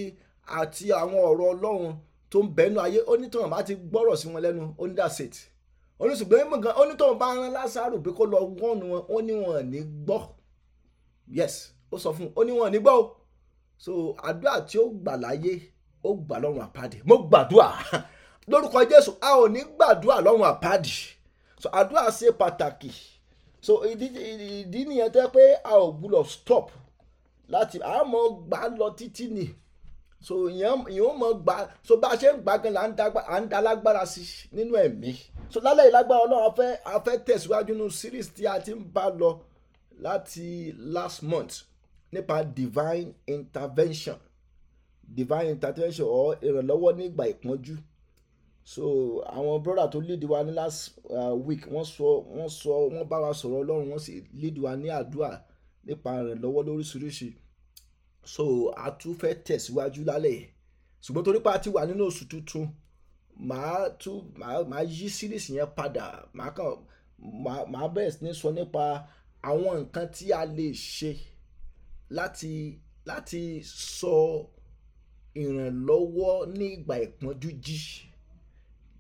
àti àwọn ọ̀rọ̀ ọlọ́run tó ń bẹ́nu ayé ó ní tí wọn bá ti gbọ́rọ̀ sí wọn lẹ́nu ó ní that's it oníṣùgbọ́n mọ̀ gan onítọ̀hún bá rán lásàrò pé kó lọ wọ́ọ̀nù wọn ó ní wọn ní gbọ́ yes ó sọ fún un ó ní wọn ní gbọ́ so àdúrà tí ó gbà láyé ó gbà lọ́run àpáàdé mo gbàdúrà lórúkọ jésù a ò ní gbàdúrà lọ́rùn àpáàdì so àdúrà ṣe pàtàkì so ìdí nìyẹn tẹ́ pé a ò gbúdọ̀ stop láti àmọ́ gbà lọ títí ni so ìyẹn ò mọ̀ gbà so bá a ṣe ń gbà gan à ń da lágbára sí nínú ẹ̀mí so lálẹ́ ìlágbára ọlọ́run afẹ́ afẹ́ tẹ̀síwájú nínú series tí a ti ń bá lọ láti last month nípa divine intervention divine intervention or ìrànlọ́wọ́ nígbà ìpọ́njú. E so àwọn brother tó lead wa ní last uh, week wọ́n sọ wọ́n sọ wọ́n bá wa sọ̀rọ̀ ọlọ́run wọ́n sì lead wa ní àdúrà nípa rẹ̀ lọ́wọ́ lóríṣiríṣi so a tún fẹ́ tẹ̀síwájú lálẹ́ ṣùgbọ́n torí pa ti wà nínú oṣù tuntun màá tún màá yí síríìsì yẹn padà màá kàn màá bẹ̀rẹ̀ ní sọ nípa àwọn nǹkan tí a lè ṣe láti láti sọ ìrànlọ́wọ́ ní ìgbà ìpọ́njú jí. So,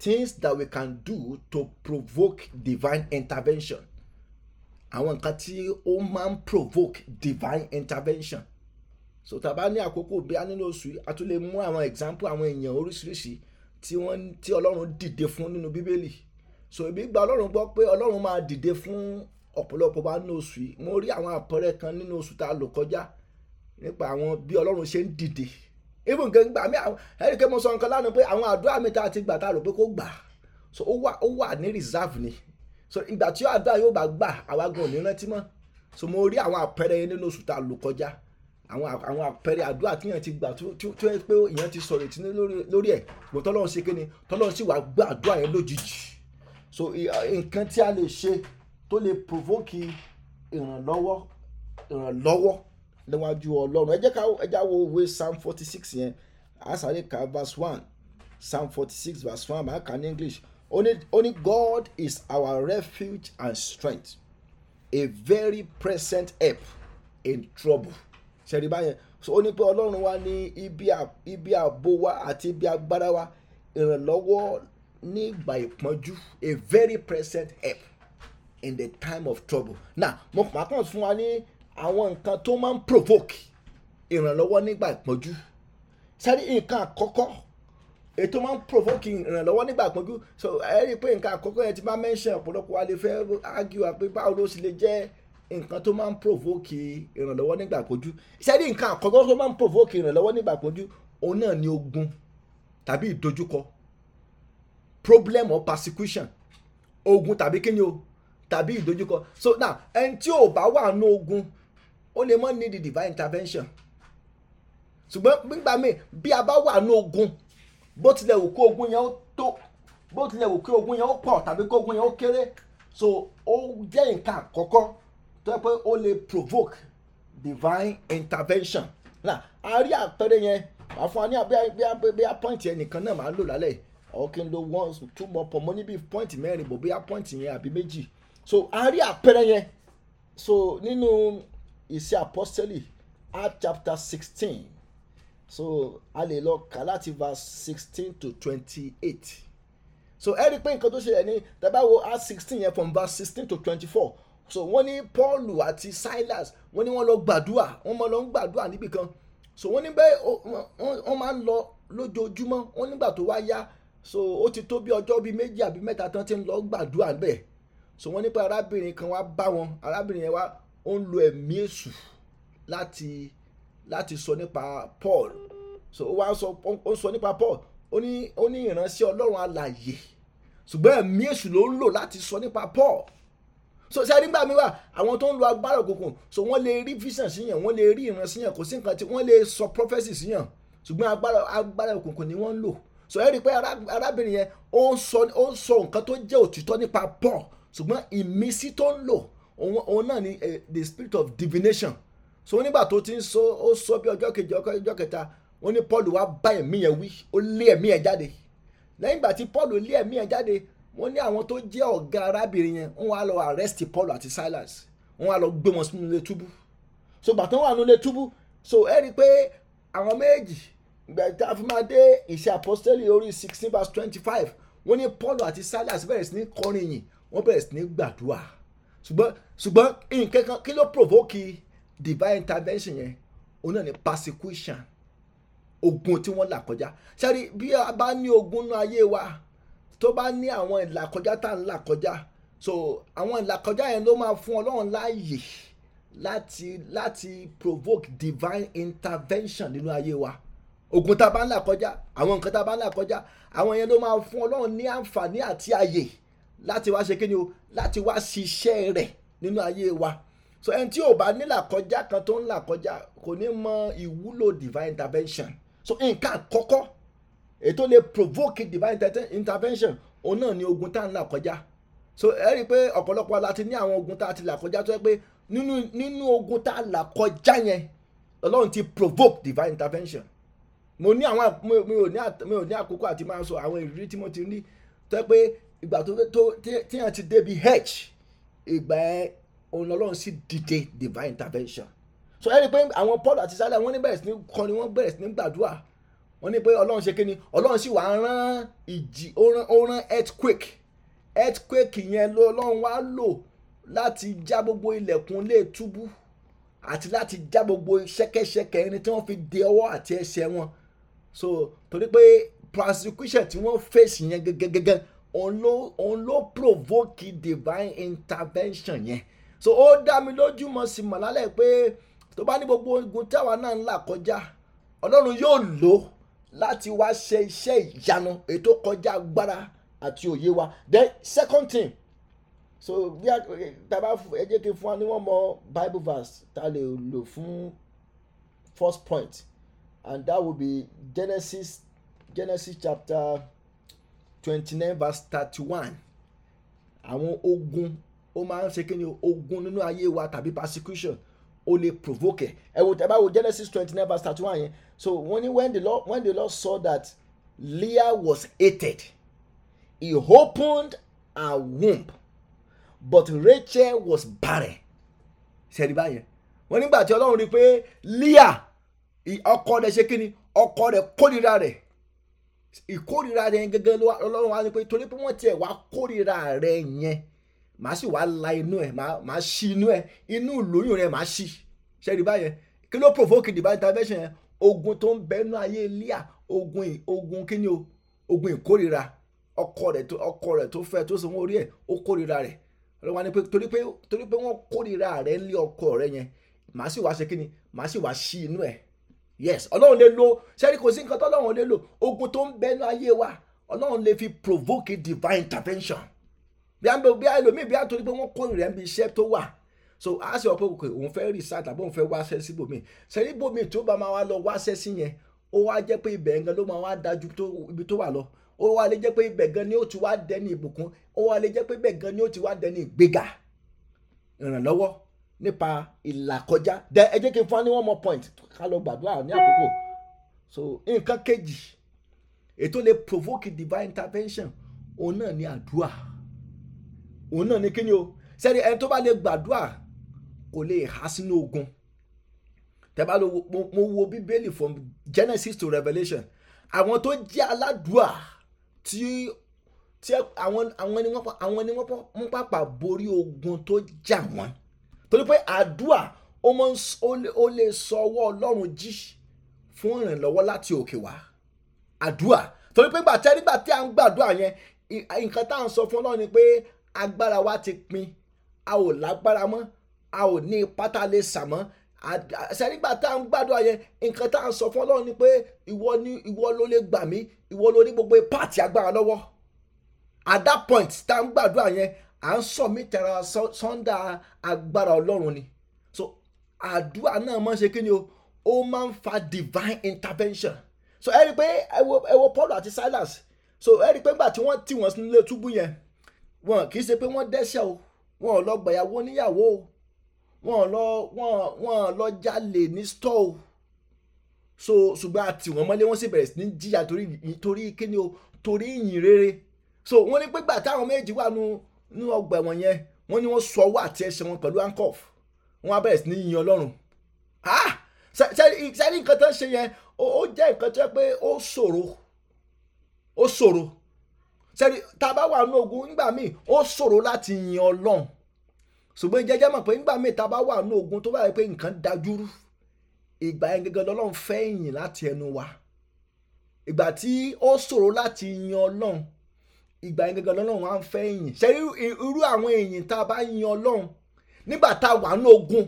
things that we can do to provoke divine intervention àwọn nǹkan tí ó máa ń provoke divine intervention so tàbá ní àkókò bí a nínú oṣù a tún lè mú àwọn example àwọn èèyàn oríṣiríṣi tí wọ́n tí ọlọ́run dìde fún nínú bíbélì so ibi gba ọlọ́run gbọ́ pé ọlọ́run máa dìde fún ọ̀pọ̀lọpọ̀ wa nínú oṣù yìí mo rí àwọn àpẹẹrẹ kan nínú oṣù tá a lò kọjá nípa àwọn bí ọlọ́run ṣe ń dìde even gan gbà mí àwọn ẹ̀rí kẹ́ mo sọ nǹkan lánàá pé àwọn àdúrà mi tá a ti gbà tá a rò pé kó gbà so ó wà ó wà ní reserve ni so ìgbà tí àdúrà yóò bá gbà àwa gan ò ní rántí mọ́ so mo rí àwọn àpẹẹrẹ yẹn nínú oṣù tá a lò kọjá àwọn àwọn àpẹẹrẹ àdúrà tí yẹn ti gbà tí tí wọ́n pé ìyẹn ti sọ̀rọ̀ ìtìní lórí ẹ̀ mo tọ́lọ́run ṣe kíni tọ́lọ́run sì wá gbà àdúrà yẹn lójijì so nǹkan tí a lè ṣe tó lè provoke ìrànlọ́wọ́ ìrànlọ́wọ́ níwájú ọlọ́run ẹ jẹ́ ká ẹ já wo ìwé psalm forty six yẹn àṣàlẹ̀ ká verse one psalm forty six verse one máa kà ní english only ní god is our refuge and strength a very present help in trouble ṣẹ̀rí báyẹn ó ní pé ọlọ́run wa ní ibi ààbò wa àti ibi agbára wa ìrànlọ́wọ́ ní ìgbà ìpọ́njú a very present help in the time of trouble now mo pàápàá fún wa ní àwọn nǹkan tó máa ń provoke ìrànlọ́wọ́ nígbà ìpọ́njú sẹ́rí nǹkan àkọ́kọ́ ètò máa ń provoke ìrànlọ́wọ́ nígbà ìpọ́njú so ẹ rí i pé nǹkan àkọ́kọ́ yẹn ti máa mention ọ̀pọ̀lọpọ̀ wa lè fẹ́ argue àpé báwo ló sì lè jẹ́ nǹkan tó máa ń provoke ìrànlọ́wọ́ nígbà ìpọ́njú sẹ́rí nǹkan àkọ́kọ́ tó máa ń provoke ìrànlọ́wọ́ nígbà ìpọ́njú òun náà ni ogun tàbí ìdojúkọ problem or persecution ogun tàbí kíni o tàbí ìdojúkọ so now ẹni tí ò bá wà ní ogun ó lè mọ́ ní the divine intervention ṣùgbọ́n nígbà míì bí a bá wà ní ogun bó tilẹ̀ wò kí ogun yẹn ó tó bó tilẹ̀ wò kí ogun yẹn ó pọ̀ tàbí kí ogun yẹn ó kéré so ó jẹ́ nǹkan àkọ́kọ́ tó yẹ pé ó lè provoke divine intervention là á rí àpẹẹrẹ yẹn màá fún wa ní abẹ́ bí a point yẹn nìkan náà màá lò lálẹ́ yìí ọ̀kí ń lo one two more pọ̀ mọ́ níbi point mẹ́rin bò bóyá point yẹn àbí méjì so a rí àpẹẹrẹ yẹn so nínú iṣẹ́ apọ́sítẹ́lì Acts chapter sixteen so a lè lọ kà láti verse sixteen to twenty-eight so ẹ rí i pé nǹkan tó ṣẹlẹ̀ ní tàbá wo Acts sixteen yẹn from verse sixteen to twenty-four so wọ́n ní Paul àti Silas wọ́n ní wọ́n lọ gbàdúrà wọ́n mọ lọ ń gbàdúrà níbì kan so wọ́n ní bẹ́ẹ̀ wọ́n máa ń lọ lójoojúmọ́ wọ́n nígbà tó wá yá so ó ti tó bí ọjọ́ bíi méjì àbí mẹ́ta tán ti ń lọ gbàdúrà bẹ́ẹ̀ so wọ́n ní pé arábìnrin kan wá bá wọn arábìnrin yẹn wá ó ń lo ẹ̀mí èṣù láti láti sọ nípa Paul so ó wá sọ ó ń sọ nípa Paul ó ní ó ní ìránṣẹ́ Ọlọ́run alàyè ṣùgbọ́n ẹ̀mí èṣù ló ń lò láti sọ nípa Paul so ṣe nígbà mi wà àwọn tó ń lo agbára òkùnkùn so wọ́n lè rí vision síyàn wọ́n lè rí ìran síyàn kò sí nǹkan tí wọ́n lè sọ prophecy síyàn ṣùgbọ́n agbára agbára òkùnkùn ni wọ́n ń lò so ẹ rí i pé arábìnrin yẹn ó ń sọ ó ń sọ nǹkan tó jẹ́ òtítọ́ nípa Paul ṣùgbọ́n ìmísí tó ń lò òun náà ni eh, the spirit of divination so nígbà tó ti ń so ó sọ bí ọjọ́ kejì ọjọ́ kẹta ó ní paul wá bá ẹ̀mí yẹn wí ó lé ẹ̀mí yẹn jáde lẹ́yìn ìgbà tí paul lé ẹ̀mí yẹn jáde wọ́n ní àwọn tó jẹ́ ọ̀gá arábìnrin yẹn wọ́n wá lọ arrest paul àti silas wọ́n wá lọ gbé wọn sínú ilé túbú so bàtàn wà nílé túbú so ẹ rí i pé àwọn méjì gbẹ̀dá fún máa dé ìṣe apostoli orí sixteen verse twenty five wọ́n ní paul àti silas bẹ̀rẹ̀ sí ní kọrin yìí wọ́n bẹ̀rẹ̀ sí ní gbàdúrà ṣùgbọ́n ṣùgbọ́n nǹkan kan kí ló provoke divine intervention yẹn òun náà ni persecution ogun tí wọ́n là kọjá ṣáàrí bí a bá ní ogun náà ayé wa tó bá ní àwọn ìlàkọjá tá à ń là kọjá so àwọn ìlàkọjá yẹn ló máa fún ọlọ́run láàyè láti láti provoke divine intervention nínú ayé wa ogun tá a bá ń là kọjá àwọn nǹkan tá a bá ń là kọjá àwọn yẹn ló máa fún ọlọ́run ní àǹfààní àti àyè láti wá ṣe kíni o láti wá ṣiṣẹ́ rẹ̀ nínú ayé wa so ẹni tí ò bá nílà kọjá kan tó ń là kọjá kò ní mọ ìwúlò divine intervention so nǹkan àkọ́kọ́ ètò lè provoke divine intervention òun náà ni ogun tá à ń là kọjá so ẹ rí i pé ọ̀pọ̀lọpọ̀ láti ní àwọn ogun tá a ti là kọjá tó yẹ pé nínú nínú ogun tá a là kọjá yẹn ọlọ́run ti provoke divine intervention mo ní àwọn mi ò ní àkókò àti máa sọ àwọn ìrírí tí mo ti ní tó yẹ pé ìgbà tó tó tí yàn ti débi hech ìgbà yẹn òun lọ́lọ́run sì dìde divine intervention so ẹ rí i pé àwọn Paul àti Silas wọ́n ní bẹ̀rẹ̀ sí ní kọrin wọ́n bẹ̀rẹ̀ sí ní gbàdúrà wọ́n ní pé ọlọ́run ṣe kí ni ọlọ́run sì wá rán ìjì ó rán earthquake earthquake yẹn ló ọlọ́run wá lò láti já gbogbo ilẹ̀kùn lé túbú àti láti já gbogbo ṣẹ́kẹ́ṣẹkẹ̀ ẹni tí wọ́n fi de ọwọ́ àti ẹsẹ̀ wọn so torí pé prosecution tí wọ́n fèsì yẹn gẹ́gẹ́gẹ́gẹ́ òun ló òun ló provoke divine intervention yẹn so ó dá mi lójú mọ́ sí mọ̀ lálẹ́ pé tó bá ní gbogbo ogun táwa náà ń là kọjá ọlọ́run yóò lò láti wá ṣe iṣẹ́ ìyanu ètò kọjá agbára àti òye wa then second thing so bí tàbá ẹ jẹ́ kí n fún wa ní one more bible verse tá a lè lò fún first point and that will be Genesis Genesis chapter twenty nine verse thirty one àwọn ogun ó máa ń ṣe kí ni ogun nínú ayé wa tàbí persecution ó lè provoke ẹ wò tẹ bá wo Genesis twenty nine verse thirty one yẹn so wọ́n ní when the law when the law saw that Leah was hated he opened her womb but Rachel was barren ṣẹ̀rí báyẹn wọ́n nígbà tí Ọlọ́run rí i pé Leah ọkọ rẹ̀ ṣe kí ni ọkọ rẹ̀ kórìíra rẹ̀ ìkórira rẹ gẹ́gẹ́ lọ́lọ́run wá ní pé torí pé wọ́n tiẹ̀ wá kórira rẹ yẹn màá sì wá la inú ẹ̀ màá ṣí inú ẹ̀ inú ìlóyún rẹ̀ màá ṣí ṣẹ́ni báyẹn kí ló provoke divine intervention yẹn ogun tó ń bẹnu ayé Élíyà ogun ogun kíni o ogun ìkórira ọkọ rẹ̀ tó ọkọ rẹ̀ tó fẹ́ tó sanwó orí ẹ̀ ó kórira rẹ̀ ọlọ́wọ́ ni pé torí pé torí pé wọ́n kórira rẹ̀ ń lé ọkọ rẹ̀ yẹn màá sì wá ṣe kíni màá sì wá ṣí inú ẹ̀ yes ọlọ́run lè lo sẹ́rí kò sí nǹkan tó ọlọ́run lè lo ogun tó ń bẹnu ayé wa ọlọ́run lè fi provoke divine intervention bí a ń bẹ bí a ẹlòmíì bí a torí pé wọ́n kó rẹ̀ ń bi iṣẹ́ tó wà so a sì wọ́n pé òkè òun fẹ́ research àbí òun fẹ́ wáṣẹ́ síbòmíì sẹ́rí bòmíì tó bá máa wá lọ wáṣẹ́ sí yẹn ó wá jẹ́ pé ibẹ̀ gan ló máa wá dájú ibi tó wà lọ ó wá lè jẹ́ pé ibẹ̀ gan ni ó ti wá dẹni ìbùkún ó wá lè jẹ́ pé ibẹ̀ gan ni ó ti wá dẹni ìgbéga ìrànlọ́wọ́ nípa ìlàkọjá dẹ ẹ jẹ́ kí n fún wa ní one more point ká lọ gbàdúrà ní àkókò so nǹkan kejì ètò lè provoke divine intervention òun náà ni àdúrà òun náà ni kíni o sẹ́ni ẹni tó bá lè gbàdúrà kò lè há sínú ogun tẹ́bá ló mo wo bíbélì from Genesis to Revelation àwọn tó jẹ́ aládùúà tí tí àwọn àwọn ni wọ́n àwọn ni wọ́n pàpà borí ogun tó jà wọ́n torí pé àdúà ó lè sọ ọwọ́ ọlọ́run jí fún ìrànlọ́wọ́ láti òkè wá àdúà torí pé gbàtẹ́ nígbà tí a ń gbàdúà yẹn nǹkan tá à ń sọ fún ọlọ́run ni pé agbára wa ti pin a ò lágbára mọ́ a ò ní ipá tá a lè sà mọ́ àṣẹ nígbà tá à ń gbàdúrà yẹn nǹkan tá à ń sọ fún ọlọ́run ni pé ìwọ ni ìwọ ló lè gbà mí ìwọ ló ní gbogbo pààtì agbára lọ́wọ́ at that point tá à ń gbàdúrà yẹn à ń sọ mí tẹ̀ra sọ́ndà agbára ọlọ́run ni so àdúrà náà máa ń ṣe kí ni o ó máa ń fa divine intervention so ẹ rí i pé ẹ wo Paul àti Silas so ẹ rí i pé nígbà tí wọ́n tì wọ́n sílé túbú yẹn wọn kì í ṣe pé wọ́n dẹ́ṣẹ̀ o wọn ò lọ gbàyàwó níyàwó o wọn ò lọ wọn wọn ò lọ jalè ní stọ́ o so ṣùgbọ́n àti wọ́n mọ́lé wọ́n sì bẹ̀rẹ̀ sí ní jìyà torí torí kí ni o torí ìyìn rere so wọ́n ní pé gbà táwọn méjì wà nù ní ọgbà ẹ̀wọ̀n yẹn wọ́n ní wọ́n sọ ọwọ́ àti ẹsẹ̀ wọn pẹ̀lú ankoff wọ́n á bẹ̀rẹ̀ sí ní yin ọlọ́run sẹ́ni nǹkan tó ń ṣe yẹn ó jẹ́ nǹkan tó yẹ pé ó ṣòro ó ṣòro sẹ́ni tá a bá wà ní ogun nígbà míì ó ṣòro láti yin ọlọ́run ṣùgbọ́n jẹ́jẹ́ mọ̀ pé nígbà míì tá a bá wà ní ogun tó bá yẹ pé nǹkan dajúrú ìgbà yẹn gẹ́gẹ́ lọ́lọ́run fẹ́ yìn láti ẹnu wa ìgbà tí ó ṣòro láti yin ọlọ́run ìgbà yẹn gẹ́gẹ́ ọlọ́run á ń fẹ́ èyìn ṣe irú àwọn èyìn tá a bá yin ọlọ́run nígbà tá a wà ní ogun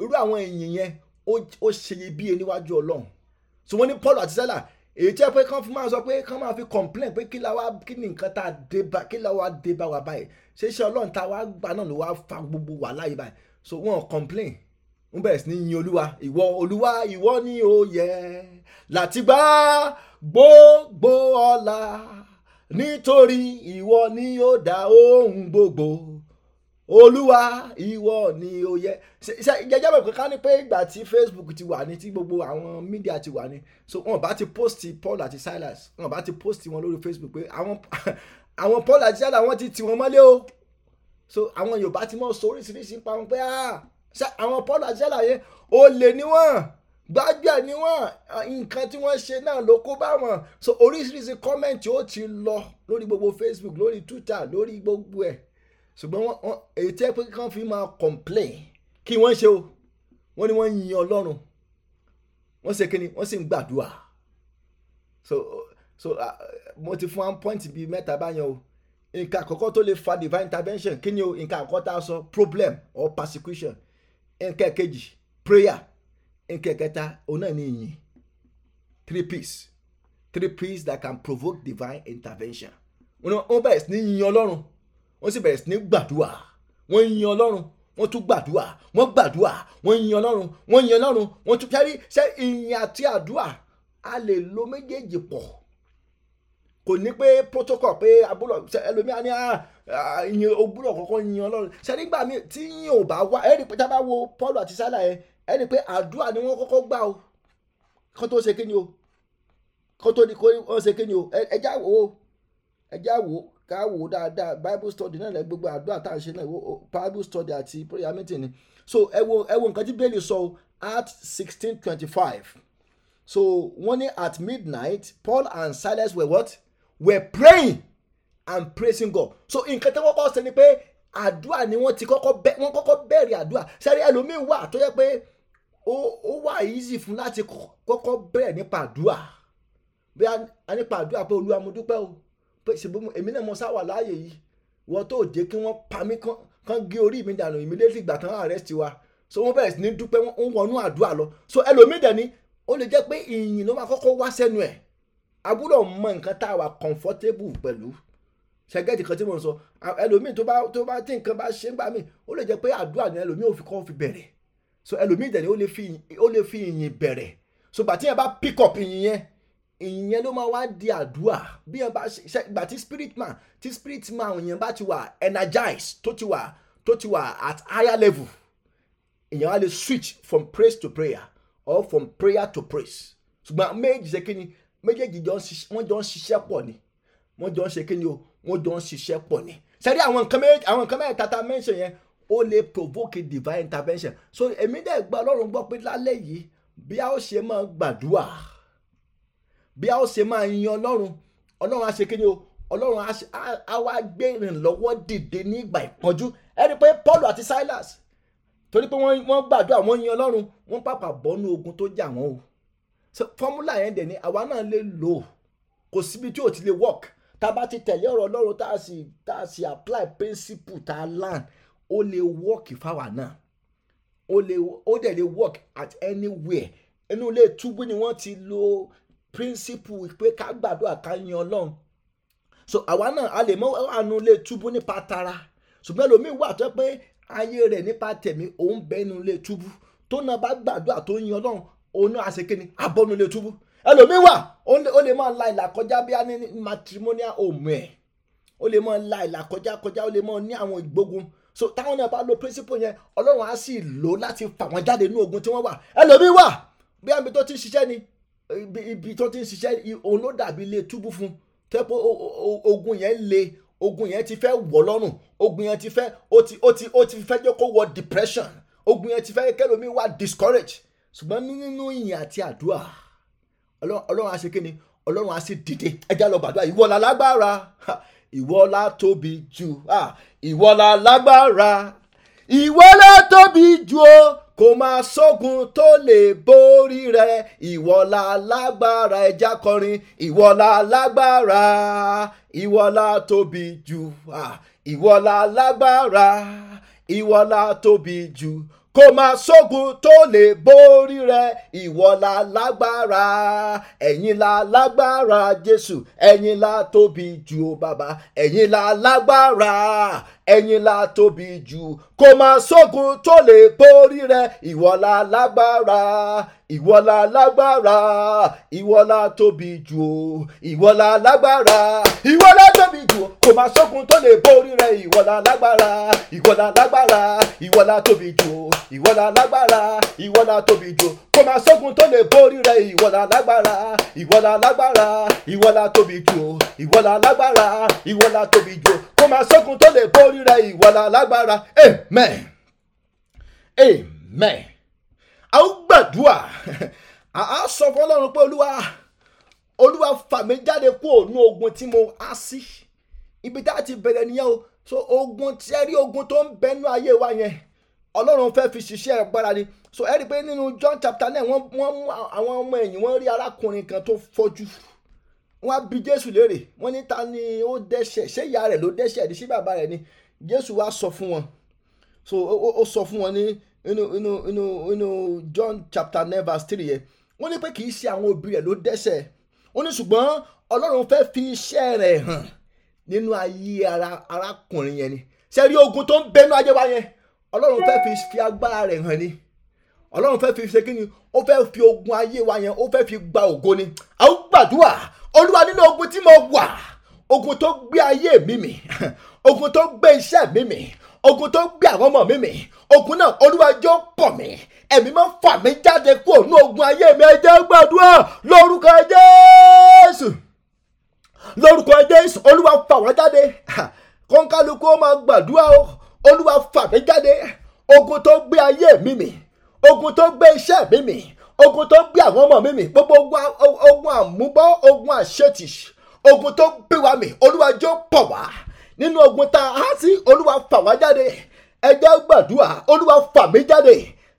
irú àwọn èyìn yẹn ó ṣe iyebíye níwájú ọlọ́run so wọ́n ní Paul àti sẹ́là èyí tí ẹ pé kán fún máa sọ pé kán máa fi complain pé kí la wá kí ni nǹkan tá a dé bá kí la wá dé bá wa báyìí ṣé ọlọ́run tá a wá gbà náà ló wá fa gbogbo wa láyé báyìí so wọ́n complain ń bẹ̀rẹ̀ sí ní yin olúwa ìwọ olúwa ìwọ ni ó yẹ láti gbà gbogbo ọlá nítorí ìwọ ni ó dá ohun gbogbo olúwa ìwọ ni ó yẹ ṣe jẹjẹ bẹ pé ká ní pé ìgbà tí facebook ti wà ní tí gbogbo àwọn media ti wà ní so wọn bá ti post paul àti silas wọn bá ti post wọn lórí facebook pé àwọn àwọn paul àti silas wọn ti tì wọn mọ́lé o so àwọn yorùbá ti mọ sọ oríṣiríṣi ń pa wọn pé ah, àwọn paul àti silas yẹn olè ni wọn gbájúẹ̀ ni wọ́n nǹkan tí wọ́n ṣe náà ló kó bá wọn so oríṣiríṣi kọ́mẹ̀ntì ó ti lọ lórí gbogbo Facebook lórí Twitter lórí gbogbo ẹ̀ ṣùgbọ́n wọ́n èyí tẹ́ pé kí wọ́n fi máa complain kí wọ́n ṣe o wọ́n ní wọ́n yin Ọlọ́run wọ́n ṣe kíni wọ́n sì ń gbàdúrà so so uh, mo ti fún one point bíi mẹ́ta báyẹn o nǹkan àkọ́kọ́ tó lè fa divine intervention kí ni o nǹkan àkọ́kọ́ tá a sọ problem or persecution nǹkan kejì prayer nkẹkẹta òun ni ní three peace three peace that can provoke divine intervention wọ́n bẹ̀rẹ̀ sí ní yin ọlọ́run wọ́n sì bẹ̀rẹ̀ sí ní gbàdúrà wọ́n yin ọlọ́run wọ́n tún gbàdúrà wọ́n gbàdúrà wọ́n yin ọlọ́run wọ́n yin ọlọ́run wọ́n tún ṣẹ́rí ṣẹ́ ìyìn àti àdúrà a lè lo méjèèjì pọ̀ kò ní pé protocol pé abúlọ̀ ẹlòmíà ní ah, ìyìn ó gbúdọ̀ yin ọlọ́run ṣe nígbà tí yìn ò bá wá ẹ̀rí pé tá wo Paul àti Sílà yẹn ẹ̀rí pé àdúrà ni wọ́n kọ́kọ́ gbà o kó tó ṣe kíni o kó tó di kó wọ́n ṣe kíni o ẹja wo ẹja wo ká wo dáadáa Bible study náà lẹ gbogbo àdúrà tá à ń ṣe náà Bible study àti prayer meeting ni so ẹ wo ẹ wo nǹkan tí Bẹ́ẹ̀lì sọ Acts sixteen twenty five so wọ́n ní at midnight Paul and Silas were what were praying and praising God so nǹkan tí wọ́n kọ́ sẹ́ni pé àdúrà ni wọ́n ti kọ́kọ́ bẹ̀rẹ̀ àdúrà sẹ́ni ẹlòmíín wà tó yẹ pé ó wà easy fún láti kọ́kọ́ bẹ̀rẹ̀ nípa àdúrà bí a nípa àdúrà pé olúwa mo dúpẹ́ o pé ṣùgbọ́n èmi náà mo sá wà láàyè yìí wọ́n tó jẹ́ kí wọ́n pa mí kán gé orí mi dànù immediately ìgbà tán arrest wa so wọ́n bẹ̀rẹ̀ sí ní dúpẹ́ wọ́n wọnú àdúrà lọ so ẹlòmíín dẹ̀ ni ó lè jẹ́ pé ìyìn ló máa kọ́kọ́ wá sẹ́nu ẹ̀ a gbọ́dọ̀ mọ nǹkan tá a wà comfortable pẹ̀lú ṣẹgẹ́tì kan tí mo ń sọ ẹlòmíì tó bá tó bá tí nǹkan bá ṣe ń gbà mí ó lè jẹ pé àdúrà ni ẹlòmíì ò fi kọ́ fi bẹ̀rẹ̀ so ẹlòmíì dẹ̀ ni ó lè fi ó lè fi ìyìn bẹ̀rẹ̀ so gbà tí yẹn bá pick up ìyìn yẹn ìyìn yẹn ló máa wá di àdúrà bí yẹn bá ṣe gbà spirit man tí spirit man yẹn bá ti wà energized tó ti wà tó ti wà at higher level ìyẹn wá lè switch from praise to prayer or from prayer to praise ṣùgbọ́n méjì ṣe kí ni méjèèjì wọ́n jọ ń ṣiṣẹ́ pọ̀ ni wọ́n jọ ń ṣe kí ni o wọ́n jọ ń ṣiṣẹ́ pọ̀ ni sẹ́rí àwọn nǹkan méjì àwọn nǹkan mẹ́ta tá a mention yẹn ó lè provoke divine intervention so èmi dẹ̀ gba ọlọ́run gbọ́ pé lálẹ́ yìí bí a ó ṣe máa gbàdúrà bí a ó ṣe máa yan ọlọ́run ọlọ́run á ṣe kí ni o ọlọ́run á wá gbé ìrànlọ́wọ́ dìde ní ìgbà ìpọ́njú ẹ rí i pé Paul àti Silas torí pé wọ́n gbàdúrà wọ́n yan ọlọ́run wọ́n pàpà bọ́nú ogun tó jà wọ́n o fọ́múlà yẹn dẹ̀ ni àwa náà lè lò kò síbi tí ò ti lè work tá a bá ti tẹ̀lé ọ̀rọ̀ ọlọ́run tá a sì tá a sì apply principle tá a learn ó lè work fáwa náà ó lè ó dẹ̀ lè work at anywhere inú ilé túbú ni wọ́n ti lo principle pé ká gbàdúrà ká yan ọlọ́run so àwa náà a lè mọ àánú ilé túbú nípa tara ṣùgbọ́n ẹlòmíín wà tó pé ayé rẹ̀ nípa tẹ̀mí òun bẹ́ẹ̀ nu ilé túbú tó náà bá gbàdúrà tó yan ọlọ́run òun náà àṣekínni abọ́nu ilé túbú ẹlòmíín wà ó lè máa la ìlà kọjá bí a ní matrimonial home ẹ̀ ó lè máa la ìlà kọjá kọjá ó lè máa ní àwọn ìgbógun so táwọn náà bá lo principle yẹn ọlọ́run á sì lò láti fà wọ́n jáde nínú ogun tí wọ́n wà ẹlòmíín wà bí ibi tó ti ń ṣiṣẹ́ ni ibi tó ti ń ṣiṣẹ́ òun ló dàbí ilé túbú fún tẹ́pọ̀ ogun yẹn le ogun yẹn ti fẹ́ wọ̀ lọ́rùn ogun yẹn ti fẹ́ ó ti ó ti ó ti fẹ́ jẹ́ kó wọ depression ogun yẹn ti fẹ́ kẹ́lòmíín wà discourage ṣùgbọ́n nínú ìyìn àti àdúrà ọlọ́run á ṣe kí ni ọlọ́run á sì dìde ẹja lọ gbàdúrà ìwọ la lágbára ìwọ la tóbi jù ìwọ la lágbára ìwọ la tóbi jù o kò máa sógun tó lè borí rẹ ìwọ la lágbára ẹja kọrin ìwọ la lágbára ìwọ la tóbi jù ìwọ la lágbára ìwọ la tóbi jù kò máa sógun tó lè borí rẹ ìwọ la lágbára ẹ̀yin la lágbára Jésù ẹ̀yin la tóbi jù o bàbá ẹ̀yin la lágbára ẹ̀yin la tóbi jù kò máa sógun tó lè borí rẹ ìwọ́la lágbára ìwọ́la lágbára ìwọ́la tóbi jù o ìwọ́la lágbára ìwọ́la tóbi jù o kò máa sógun tó lè borí rẹ ìwọ́la lágbára ìwọ́la lágbára ìwọ́la tóbi jù o ìwọ́la lágbára ìwọ́la tóbi jù o kò máa sógun tó lè borí rẹ ìwọ́la lágbára ìwọ́la lágbára ìwọ́la tóbi jù o ìwọ́la lágbára ìwọ́la tóbi jù o tó máa ṣẹ́gun tó lè borí rẹ̀ ìwàlà lágbára amen amen a ó gbàdúrà a á sọ fún ọlọ́run pé olúwa olúwa fà mí jáde kó ònú ogun tí mo há sí ibi tá a ti bẹ̀rẹ̀ nìyẹn o so ogun tí ẹ rí ogun tó ń bẹnu ayé wa yẹn ọlọ́run fẹ́ fi ṣiṣẹ́ agbára ni so ẹ rí i pé nínú John chapter nine wọ́n mú àwọn ọmọ ẹ̀yìn wọ́n rí arákùnrin kan tó fọ́jú fún wọ́n á bi jésù léèrè wọ́n ní ta ni ó dẹ́ṣẹ̀ ṣé ìyá rẹ̀ ló dẹ́ṣẹ̀ àdìsí bàbá rẹ̀ ni jésù wá sọ fún wọn so ó sọ fún wọn ní inú inú inú inú john chapter nine verse three yẹn wọ́n ní pé kì í ṣe àwọn òbí rẹ̀ ló dẹ́ṣẹ̀ wọ́n ní ṣùgbọ́n ọlọ́run fẹ́ fi iṣẹ́ rẹ̀ hàn nínú ayé ara arákùnrin yẹn ni ṣe rí ogun tó ń bẹnu ajé wa yẹn ọlọ́run fẹ́ fi agbára rẹ̀ hàn ni ọlọ́run fẹ́ fi ṣe kí ni ó fẹ́ fi ogun ayé wa yẹn ó fẹ́ fi gba ògo ni a ó gbàdúrà olúwa nínú ogun tí mo wà ogun tó gbé ayé mi mì ogun tó gbé iṣẹ́ mi mì ogun tó gbé àwọn ọmọ mi mì ogun náà olúwa jọ pọ̀ mí ẹ̀mí máa fà mí jáde kúrò ní ogun ayé mi ẹ jẹ́ gbàdúrà lórúkọ jésù lórúkọ jésù olúwa fà wá jáde kọ́ńkálukú ó máa gbàdúrà olúwa fà mí jáde ogun tó gbé ayé mi mì ogun tó gbé iṣẹ́ mi mì ogun tó gbé àwọn ọmọ mi mì gbogbo ogun àmúbọ́ ogun àṣetì ogun tó gbé wa mì olúwa jọ pọ̀ wá nínú ogun tá a sí olúwa fà wá jáde ẹjẹ́ gbàdúrà olúwa fà mí jáde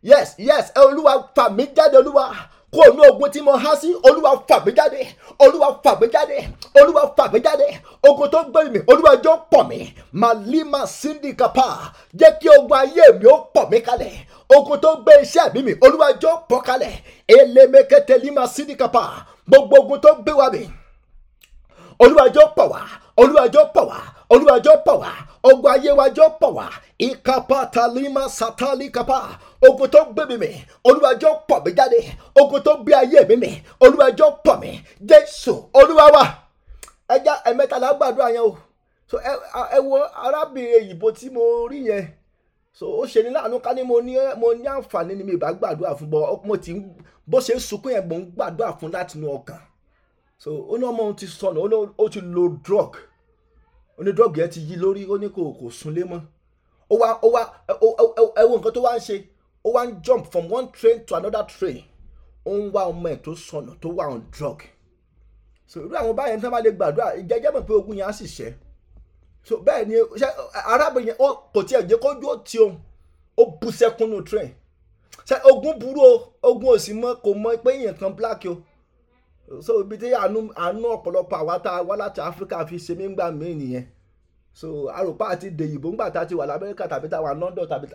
yes yes olúwa fà mí jáde olúwa kó inú ogun tí mo há sí olúwa fàgbéjáde olúwa fàgbéjáde olúwa fàgbéjáde ogun tó gbé mi olúwa jọ pọ̀ mi màlímà síndìkàpá jẹ́ kí ogun ayé mi ó pọ̀ mi kalẹ̀ ogun tó gbé iṣẹ́ mi mi olúwa jọ pọ̀ kalẹ̀ elémekètèlímà síndìkàpá gbogbo ogun tó gbé wa mi olúwa jọ pọ̀ wá olúwa jọ pọ̀ wá olúwa jọ pọ̀ wá ogun ayé wa jọ pọ̀ wá ìkápá talima satali kapa ogun tó gbé mi mì olúwàjọ pọ̀ mi jáde ogun tó gbé ayé mi mì olúwàjọ pọ̀ mi jésù olúwa wa ẹja ẹ̀mẹ́ta la gbàdúrà yẹn o so ẹ ẹ wo arábìnrin èyìnbó tí mo rí yẹn so ó ṣe ní láàánú ká ní mo ní mo ní àǹfààní ni mi ìbá gbàdúrà fún bọ mo ti bó ṣe ń sunkún yẹn mo ń gbàdúrà fún látinú ọkàn so ó ní ọmọ òun ti sọnù ó ti lo drug onídọ́ọ̀gù yẹn ti yí lórí ó ní kò kò súnlé mọ́ ó wá ó wá ẹ wo nǹkan tó wá ń ṣe ó wá ń jump from one train to another train ó ń wá ọmọ ẹ̀ tó sọnà tó wà on drug so irú àwọn báyẹn tí wọ́n bá lè gbàdúrà jẹ́jẹ́ mọ̀ pé ogun yẹn á sì ṣẹ́ so bẹ́ẹ̀ ni arábìnrin yẹn kò tiẹ̀ jẹ́ kójú ó ti òun ó bu sẹ́kúnnù train ṣe ogun burú o ogun ò sì mọ kò mọ pé èèyàn kan black o so ibi tí àánú ọ̀pọ̀lọpọ̀ àwa tá a wá láti áfíríkà fi ṣe mí ń gbà mí nìyẹn so àròpá àti dèyìnbó ńgbà tá a ti wà lamẹ́ríkà tàbí tá a wà London tàbí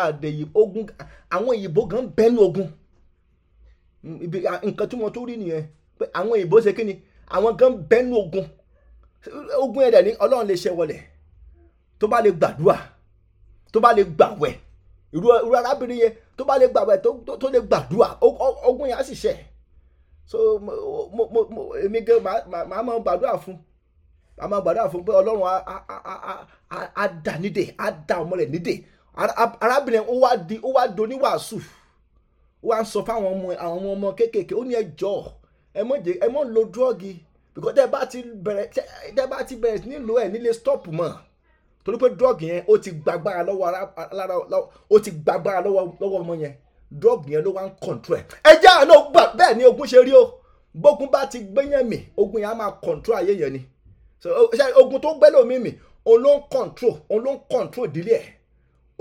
àdèyìnbó ogun àwọn ìyìnbó gan bẹ́nu ogun nǹkan tí wọ́n tún rí nìyẹn pé àwọn ìyìnbó ṣe kí ni àwọn gan bẹ́nu ogun ogun ẹ̀dẹ̀ ni ọlọ́run lè ṣe wọlé tó bá lè gbàdúrà tó bá lè gbàwẹ̀ irú arábìnrin yẹn tó bá lè gbàwẹ̀ tó lè gbàdúrà ogun yẹn á sì ṣe so mo mo mo èmi gan màá máa gbàdúrà fún màá máa gbàdúrà fún pé ọlọ́run á dà nídè á dà ọmọ rẹ̀ nídè arábìnrin ó wá di ó wá do oníwàásù ó wá ń sọ fáwọn ọmọ àwọn ọmọ kéékèèké ó ní ẹ jọ̀ọ́ ẹ mọ̀ jẹ ẹ mọ̀ lo dúrọ́ọ̀gì because tẹ́ bá ti bẹ̀rẹ̀ tẹ́ bá ti bẹ̀rẹ̀ nílò ẹ̀ nílé stop mọ́ torí pé dúrọ́ọ̀gì yẹn ó ti gbàgbára lọ́wọ́ ara ó ti gbàgbára lọ́wọ́ ọmọ yẹn drug yẹn ló wá ń control ẹ̀ ẹjẹ́ àná gbà bẹ́ẹ̀ ni ogun ṣe rí o bógun bá ti gbéyàn mì ogun yẹn á máa control ayé yẹn ni ogun tó gbẹ́ lómi mì òun control òun control ìdílé ẹ̀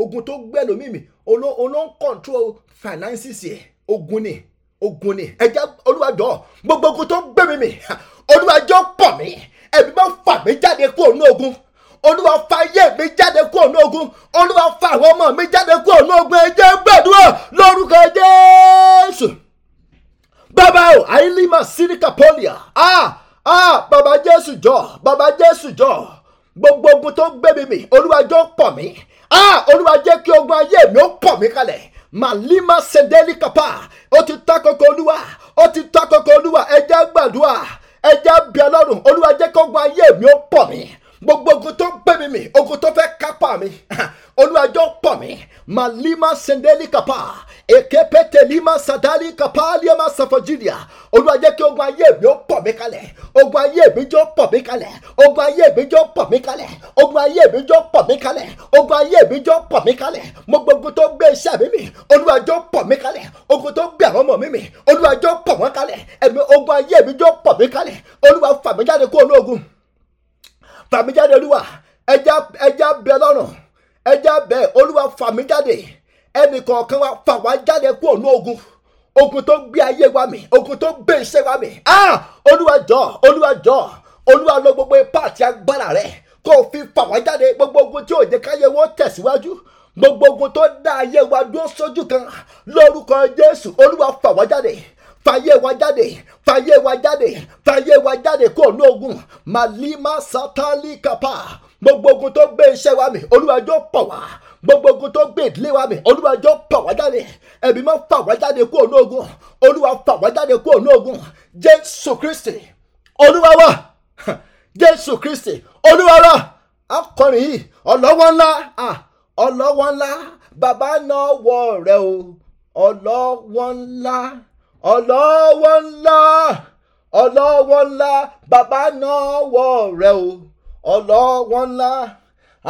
ogun tó gbẹ́ lómi mì òun control finances ẹ̀ ogun ni ogun ni ẹja olúwàjọ gbogbo ogun tó ń gbé mi mì olúwàjọ pọ̀ mí ẹ̀mí máa fà mí jáde kúrò ní ogun olúwa fa ayé mi jáde kúrò ní ogun olúwa fa àwọn ọmọ mi jáde kúrò ní ogun ẹ jẹ́ gbàdúrà lórúkọ jésù bàbá o àìlímà síríkà pọ́lìà ah ah bàbá jésù jọ bàbá jésù jọ gbogbo ogun tó ń gbé mi mì olúwa jọ pọ̀ mí ah olúwa jẹ́ kí ogun ayé mi ó pọ̀ mí kalẹ̀ màlímà sẹ̀dẹ́lì kàpá ó ti tó àkókò olúwa ó ti tó àkókò olúwa ẹ jẹ́ gbàdúrà ẹ olúwa jẹ́ kí ogun ayé mi ó pọ̀ mí gbogbo ogun tó ń mi ogun tó fẹ́ kápá mi olùwàjọ pọ̀ mí màlímà sẹ́ndẹ́lì kápá èké pété límà sàdálì kápá límà sàfọ̀jìlìà olùwàjẹ́ kí ogun ayé mi ó pọ̀ mí kalẹ̀ ogun ayé mi jọ pọ̀ mí kalẹ̀ ogun ayé mi jọ pọ̀ mí kalẹ̀ ogun ayé mi jọ pọ̀ mí kalẹ̀ ogun ayé mi jọ pọ̀ mí kalẹ̀ mo gbogbo tó gbé iṣẹ́ mi mi olùwàjọ pọ̀ mí kalẹ̀ ogun tó gbé àwọn ọmọ mi mi olùwàjọ pọ̀ wọ́n kalẹ̀ ẹ̀mí ogun ayé mi jọ pọ̀ mí kalẹ̀ olùwà fàmíjáde kó ológun fàmí jáde olúwa ẹja ẹja bẹ lọ́nà ẹja bẹ olúwa fàmí jáde ẹnìkọ̀ọ̀kan wa fà wá jáde kúrò ní ogun ogun tó gbé ayé wa mi ogun tó gbé iṣẹ́ wa mi ah olúwa jọ olúwa jọ olúwa lọ gbogbo ipá àti agbára rẹ kó o fi fà wá jáde gbogbo ogun tí ò jẹ́ káyé wọn tẹ̀síwájú gbogbo ogun tó dá ayé wa dúró sójú kan lórúkọ jésù olúwa fà wá jáde fàyè wa jáde fàyè wa jáde fàyè wa jáde kó ní ogun màlímà sátálì kápá gbogbo ogun tó gbé iṣẹ́ wa mi olúwàjọ́ pọ̀ wá gbogbo ogun tó gbé ìdílé wa mi olúwàjọ́ pọ̀ wá jáde ẹ̀mí máa fà wá jáde kó ní ogun olúwa fà wá jáde kó ní ogun jésù kristi olúwa wa jésù kristi olúwa wa akọrin yìí ọlọ́wọ́ ńlá ọlọ́wọ́ ńlá bàbá náà wọ rẹ o ọlọ́wọ́ ńlá ọlọ́wọ́ ńlá ọlọ́wọ́ ńlá bàbá náwọ́ rẹ o ọlọ́wọ́ ńlá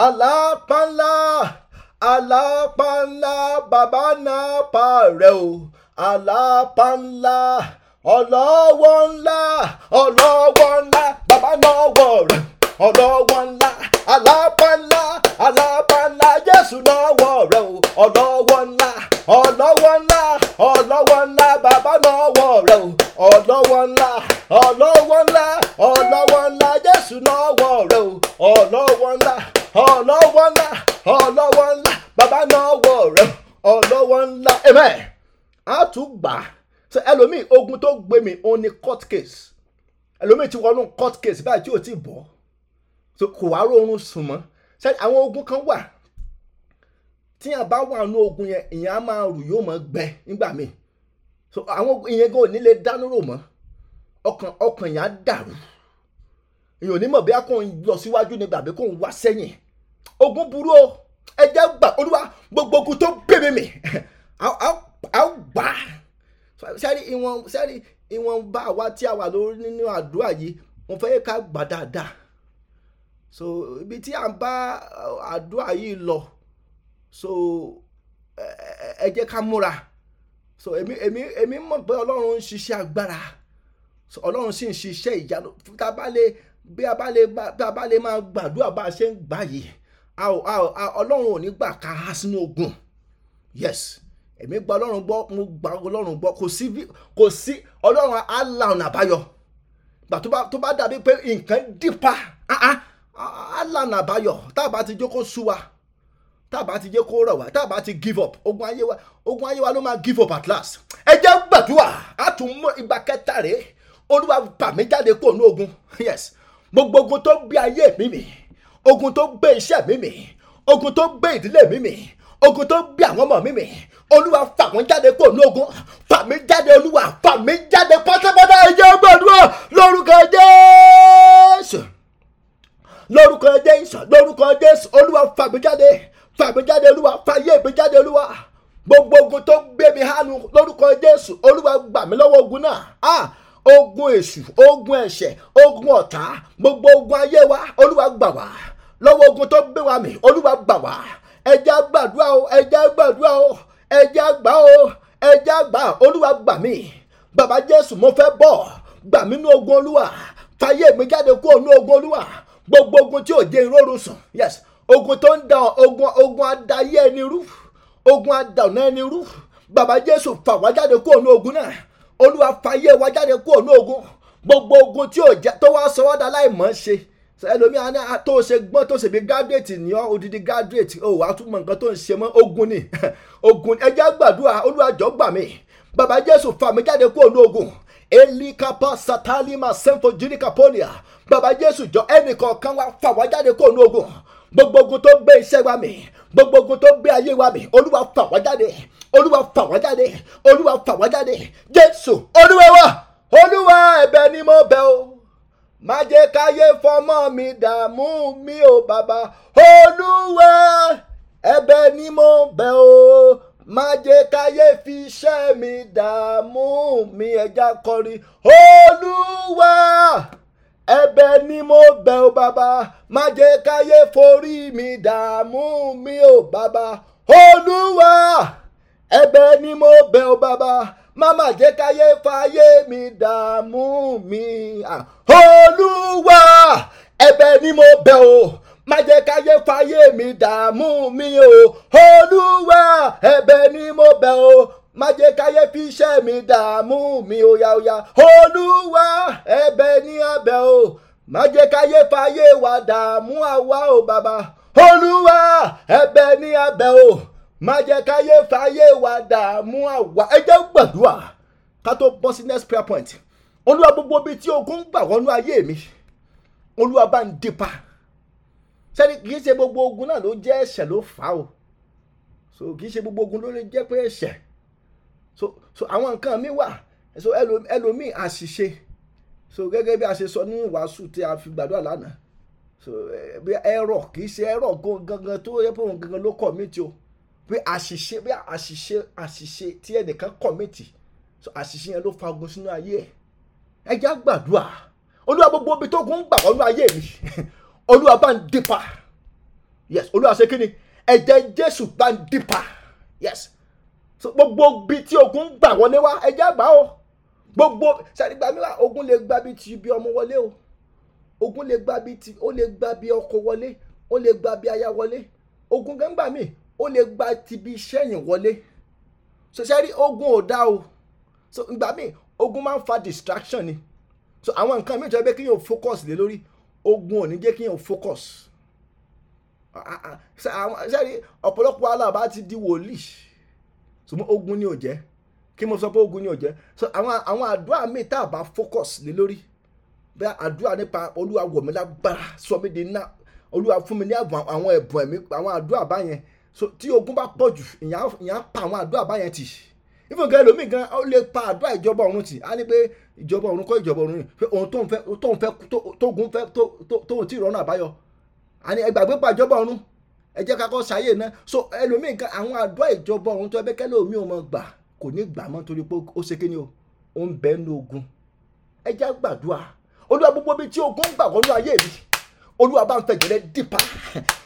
alápá ńlá alápá ńlá bàbá nápá rẹ o alápá ńlá ọlọ́wọ́ ńlá ọlọ́wọ́ ńlá rẹ ọlọ́wọ́ ńlá alápá ńlá alápá ńlá jésù lọ́wọ́ rẹ o ọlọ́wọ́ ńlá ọlọ́wọ́ ńlá ọlọ́wọ́ ńlá bàbá lọ́wọ́ rẹ o ọlọ́wọ́ ńlá ọlọ́wọ́ ńlá ọlọ́wọ́ ńlá jésù lọ́wọ́ rẹ o ọlọ́wọ́ ńlá ọlọ́wọ́ ńlá ọlọ́wọ́ ńlá bàbá lọ́wọ́ rẹ ọlọ́wọ́ ńlá amen àtúgbà ṣe ẹlòmíì ogun tó gbé mi òun ni court case ẹlòmíì ti wọnú court case báyìí tí ò ti bọ̀ ọ́ kò wá rọrùn sùn mọ́ ṣe àwọn ogun kan wà tí yàn bá wà nú ogun yẹn ìyẹn á máa rù yóò mọ gbẹ nígbà míì so àwọn ìyẹn gan ò ní lè dánú rò mọ́ ọkàn ọkàn yẹn á dàrú èèyàn ò ní mọ̀ bí a kò ń lọ síwájú ni gbàgbé kò ń wá sẹ́yìn ogun burú o ẹ jẹ́ gbà olúwa gbogbo ogun tó bèbè mi a ó gbà á sẹ́rí ìwọ̀n sẹ́rí ìwọ̀n bá wa tí a wà lórí nínú àdúrà yìí mo fẹ́ ká gbà dáadáa so ibi tí à ń bá uh, àdúrà yìí lọ so ẹ jẹ́ ká múra so èmi èmi èmi mọ̀ pé ọlọ́run ń ṣiṣẹ́ agbára so ọlọ́run sì ń ṣiṣẹ́ ìyanu tá a bá lè bí a bá lè bí a bá lè máa gbàdúrà bá a ṣe ń gbà yìí a ò a ò ọlọ́run ò ní gbà ká há sínú ogun yes èmi gba ọlọ́run gbọ́ mo gba ọlọ́run gbọ́ kò sí kò sí ọlọ́run á la ọ̀nà àbáyọ gbà tó bá tó bá dàbí pé nǹkan dìpa ah ah alànà àbáyọ tá a bá ti jókòó sú wa tá a bá ti jẹ́ kó rọ̀ wá tá ti give up ogun ayé wa ogun ayé wa ló máa give up at last ẹ jẹ́ gbàdúrà á tún mú ìgbà kẹta rèé olúwa bà mí jáde kó nú ogun yes gbogbo ogun tó gbé ayé mi mì ogun tó gbé iṣẹ́ mi mì ogun tó gbé ìdílé mi mì ogun tó gbé àwọn ọmọ mi mì olúwa fà wọ́n jáde kó nú ogun fà mí jáde olúwa fà mí jáde pátápátá ẹ jẹ́ gbàdúrà lórúkọ Jésù lórúkọ jésù lórúkọ jésù olúwa fàgbéjáde fàgbéjáde olúwa fàyè ìgbéjáde olúwa gbogbo ogun tó gbé mi hánu lórúkọ jésù olúwa gbà mí lọ́wọ́ ogun náà ah ogun èṣù ogun ẹ̀ṣẹ̀ ogun ọ̀tá gbogbo ogun ayé wa olúwa gbà wá lọ́wọ́ ogun tó gbé wa mì olúwa gbà wá ẹja gbàdúrà o ẹja gbàdúrà o ẹja gbà o ẹja gbà olúwa gbà mí bàbá jésù mo fẹ́ bọ̀ gbà mí nú ogun olúwa fàyè mi kúrò nú ogun olúwa gbogbo ogun tí ò jẹ́ ìrọ̀rùn sùn yes ogun tó ń da ogun ogun adayé ẹni rú ogun adànà ẹni rú bàbá jésù fà wá jáde kó ònú ogun náà olúwa fàyè wá jáde kó ònú ogun gbogbo ogun tí ò jẹ́ tó wá sọ láì mọ̀ ṣe ẹlòmíà ah, tó ṣe gbọ́n tó ṣe bí graduate ní ọ́ odidi graduate ò wá túmọ̀ nǹkan tó ń ṣe mọ́ ogun ni ogun ẹjẹ́ gbàdúrà olúwa jọ̀ọ́ gbà mí bàbá jésù fà mí jáde kó ònú ogun elikapa satalima senfojirikapolia bàbá jésù jọ ẹnìkọ̀ọ̀kan wa fà wá jáde kó nu ogun gbogbo ogun tó gbé iṣẹ́ wa mì gbogbo ogun tó gbé ayé wa mì olúwa fà wá jáde olúwa fà wá jáde olúwa fà wá jáde jésù olúwa wa olúwa ẹ̀bẹ̀ ni mo bẹ̀ o má jẹ́ káyé fọmọ mi dààmú mi o bàbá olúwa ẹ̀bẹ̀ ni mo bẹ̀ o má jẹ́ káyé fi iṣẹ́ mi dààmú mi ẹja kọrin olúwa ẹ̀bẹ̀ ni mo bẹ̀ ọ́ bàbá má jẹ́ káyé forí mi dààmú mi ò bàbá olúwa ẹ̀bẹ̀ ni mo bẹ̀ ọ́ bàbá máma jẹ́ káyé fàyè mi dààmú mi olúwa ẹ̀bẹ̀ ni mo bẹ̀ ọ́ má jẹ́ káyé fáyé mi dààmú mi o olúwa ẹ̀bẹ̀ ni mo bẹ̀ o má jẹ́ káyé fi iṣẹ́ mi dààmú mi oyaoya olúwa ẹ̀bẹ̀ ni abẹ̀ o má jẹ́ káyé fáyé wa dààmú àwa o bàbá olúwa ẹ̀bẹ̀ ni abẹ̀ o má fáyé wa dààmú àwa ẹ gbàdúrà ká tó bọ́ sí next prayer point olúwa gbogbo bíi tí ogun gbà wọnú ayé mi olúwa bá ń dípa sẹ́ni kì í ṣe gbogbo ogun náà ló jẹ́ ẹ̀ṣẹ̀ ló fà á o so kì í ṣe gbogbo ogun ló lè jẹ́ pé ẹ̀ṣẹ̀ so so àwọn nǹkan mi wà so ẹlòmíì àṣìṣe so gẹ́gẹ́ bí a ṣe sọ ní ìwàásù tí a fi gbàdúrà lánàá so eh, bí ẹ̀rọ̀ kì í ṣe ẹ̀rọ̀ gangan tó yẹ pé òun gangan ló kọ̀mìtì o bí àṣìṣe bí àṣìṣe àṣìṣe tí ẹnìkan kọ̀mìtì so àṣìṣe yẹn ló fa ogun sínú ayé ẹ ẹ já gbàdúrà olúwa gbogbo ibi tó gun gbà wọnú ayé mi olúwa bá ń dípa yes olúwa ṣe kíni ẹ̀jẹ̀ jésù bá ń dípa yes so gbogbo bi tí ogun gbà wọlé wá ẹ̀jẹ̀ àgbà o gbogbo ṣàdìgbà mìíràn ogun lè gba bi ti ibi ọmọ wọlé o ogun lè gba bi ti ó lè gba bi ọkọ wọlé ó lè gba bi aya wọlé ogun gẹ́gbà mi ó lè gba ti bi sẹ́yìn wọlé so sẹ́rí ogun ò dá o so ìgbà mi. ogun máa ń fa distraction ni so àwọn nǹkan míì jọ pé kí yóò focus lé lórí ogun ò ní jẹ́ kí èèyàn focus sẹ́ni ah, ah, ah. ọ̀pọ̀lọpọ̀ aláàbá ti di wòlíì ṣùgbọ́n ogun ni ò jẹ́ kí mo sọ pé ogun ni ò jẹ́ so àwọn àwọn àdúrà míì tá a bá focus lé lórí bẹ́ẹ̀ àdúrà nípa olúwa wọ̀ mí lágbára sọ mí di ná olúwa fún mi ní àwọn ẹ̀bùn ẹ̀mí àwọn àdúrà báyẹn so tí ogun bá pọ̀ jù ìyá pa àwọn àdúrà báyẹn tì í ìfún gan ẹlòmíì gan ó lè pa àdúrà ìjọba ọ̀run tì á ní pé ìjọba ọ̀run kọ́ ìjọba ọ̀run pé òun tóun fẹ́ tóun fẹ́ tóun fẹ́ tóun tí ìrọ̀rùn àbáyọ àní ẹgbàgbé pa ìjọba ọ̀run ẹ jẹ́ ká náà so ẹlòmíì gan àwọn àdúrà ìjọba ọ̀run tó ẹbẹ́ kẹ́lẹ́ omi ò mọ̀ gbà kò ní gbà mọ́ torí pé ó ṣe kíni o ó ń bẹ́ẹ̀ ní ogun ẹ jẹ́ gbàdúrà olúwa gbogbo bíi tí ogun gbà wọnú ayé mi olúwa bá ń fẹ́ jẹrẹ dìpa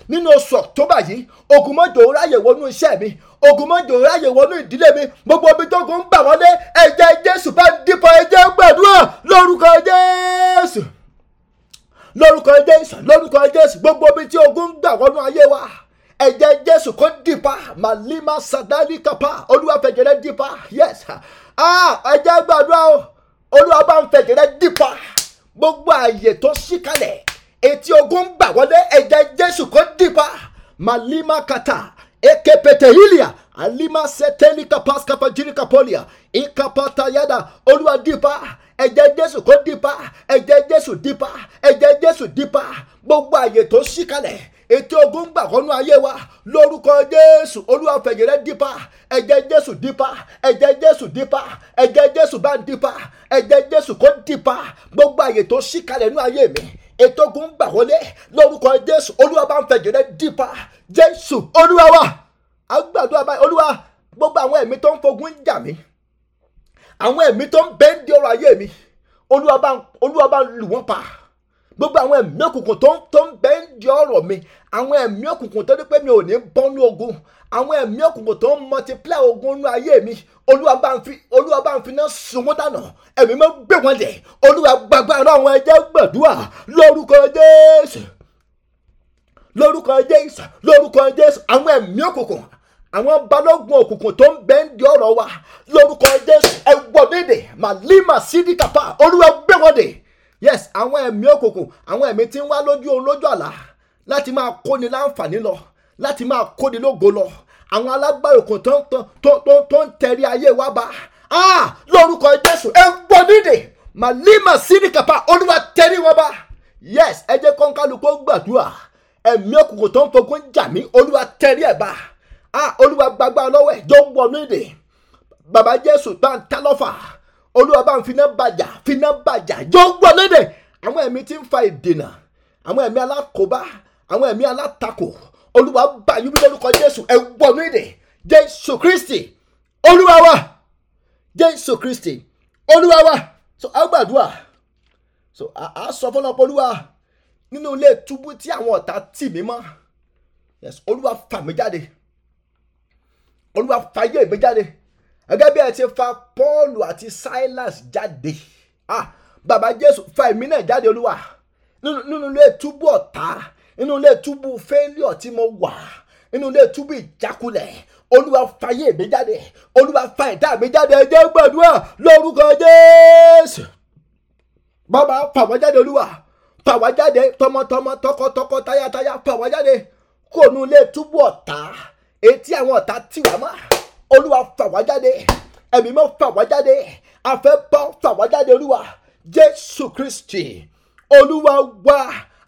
nínú oṣù october yìí ogun mọ́jọ ráyè wọnú iṣẹ́ mi ogun mọ́jọ ráyè wọnú ìdílé mi gbogbo ibi tó gùn ń bà wọlé ẹ̀jẹ̀ jésù bá ń dìpa ẹ̀jẹ̀ gbàdúrà lórúkọ jésù lórúkọ jésù lórúkọ jésù gbogbo ibi tí ogun ń gbà wọnú ayé wa ẹ̀jẹ̀ jésù kò dìpa màlímà sàdálì kápá olúwa fẹ́ jẹrẹ dìpa yes ah ẹ̀jẹ̀ gbàdúrà olúwa bá ń fẹ́ jẹrẹ dìpa gbogbo àyè tó ṣí kalẹ̀ etí ogun gbà wọlé ẹ̀jẹ̀ jésù kò dìpa malima kata ekepete ilia alima setelika paskapa jirika polia ikapata yada olúwa dìpa ẹ̀jẹ̀ jésù kò dìpa ẹ̀jẹ̀ jésù dìpa ẹ̀jẹ̀ jésù dìpa gbogbo àyè tó ṣí kalẹ̀ ètò ogun gbà wọnú ayé wa lórúkọ jésù olúwa fẹ̀yìn rẹ dípa ẹ̀jẹ̀ jésù dípa ẹ̀jẹ̀ jésù dípa ẹ̀jẹ̀ jésù bá ń dípa ẹ̀jẹ̀ jésù kó dípa gbogbo àyè tó ṣí kalẹ̀ nú ayé mi ètò ogun gbà wọlé lórúkọ jésù olúwa bá ń fẹjọ rẹ dìpa jésù olúwa wa àgbàdo báyìí olúwa gbogbo àwọn ẹ̀mí tó ń fogun jà mí àwọn ẹ̀mí tó ń bẹ́ńdì ọrọ̀ ayé mi olúwa bá olúwa lù wọ́n pa gbogbo àwọn ẹ̀mí òkùnkùn tó ń tó ń bẹ́ńdì ọrọ̀ mi àwọn ẹ̀mí òkùnkùn tó ní pé mi ò ní bọ́nú ogun àwọn ẹ̀mí òkùnkùn tó ń multiply ogun inú ayé mi olúwa bá ń fi olúwa bá ń fi náà sun wọ́n dànù ẹ̀mí mọ́ gbé wọn lẹ̀ olúwa gbàgbà ọlọ́run ẹjẹ́ gbàdúrà lórúkọ jésù lórúkọ jésù lórúkọ jésù àwọn ẹ̀mí òkùnkùn àwọn balógun òkùnkùn tó ń bẹ ń di ọ̀rọ̀ wa lórúkọ jésù ẹ̀wọ̀ dédè màlímà sídìkàpá olúwa gbé wọn dè yes àwọn ẹ̀mí òkùnkùn àwọn ẹ̀mí tí ń wá lójú olójú àlá láti máa kóni láǹfààní lọ láti máa kóni lógo lọ àwọn alágbára òkun tó ń tó tó ń tẹ̀rí ayé wa bá a ah, lórúkọ jésù ẹ ń bọ nídìí màlímà sídìkàpá olúwa tẹ̀rí wọn bá yes ẹ jẹ́ kọ́ńkálukú gbàdúrà ẹ̀mí òkùnkùn tó ń fogun jà mí olúwa tẹ̀rí ẹ̀ bá a ah, olúwa gbàgbà lọ́wọ́ ẹ̀ jọ ń bọ nídìí bàbá jésù bá ń ta lọ́fà olúwa bá ń finá bàjà finá bàjà jọ ń bọ nídìí àwọn ẹ̀mí tí ń fa ìdènà àwọn ẹ̀mí alákòóbá àwọn ẹ̀mí alátakò olúwa bá yín wí lórúkọ jésù ẹ wọnú ìdè jésù kristi olúwa wa jésù kristi olúwa wa so a gbàdúrà so a sọ fọlọpọ olúwa nínú ilé túbú tí àwọn ọ̀tá tì mí mọ́ yes olúwa fà mí jáde olúwa fà ayé mi jáde gẹ́gẹ́ bí ẹ ti fa Pọ́ọ̀lù àti Silas jáde ah bàbá Jésù fà èmi náà jáde olúwa nínú ilé túbú ọ̀tá inú ilé túbú failure tí mo wà inú ilé túbú ìjákulẹ̀ olúwa fàyè mi jáde olúwa fa ìdá mi jáde ẹ jẹ́ gbàdúrà lórúkọ jésù bàbá fà wá jáde olúwa fà wá jáde tọmọtọmọ tọkọtọkọ tayátayá fà wá jáde kó nu ilé túbú ọ̀tá etí àwọn ọ̀tá tì wá mọ́ olúwa fà jáde ẹ̀mí mọ́ fà jáde afẹ́bọ́ fà jáde olúwa jésù kristi olúwa wa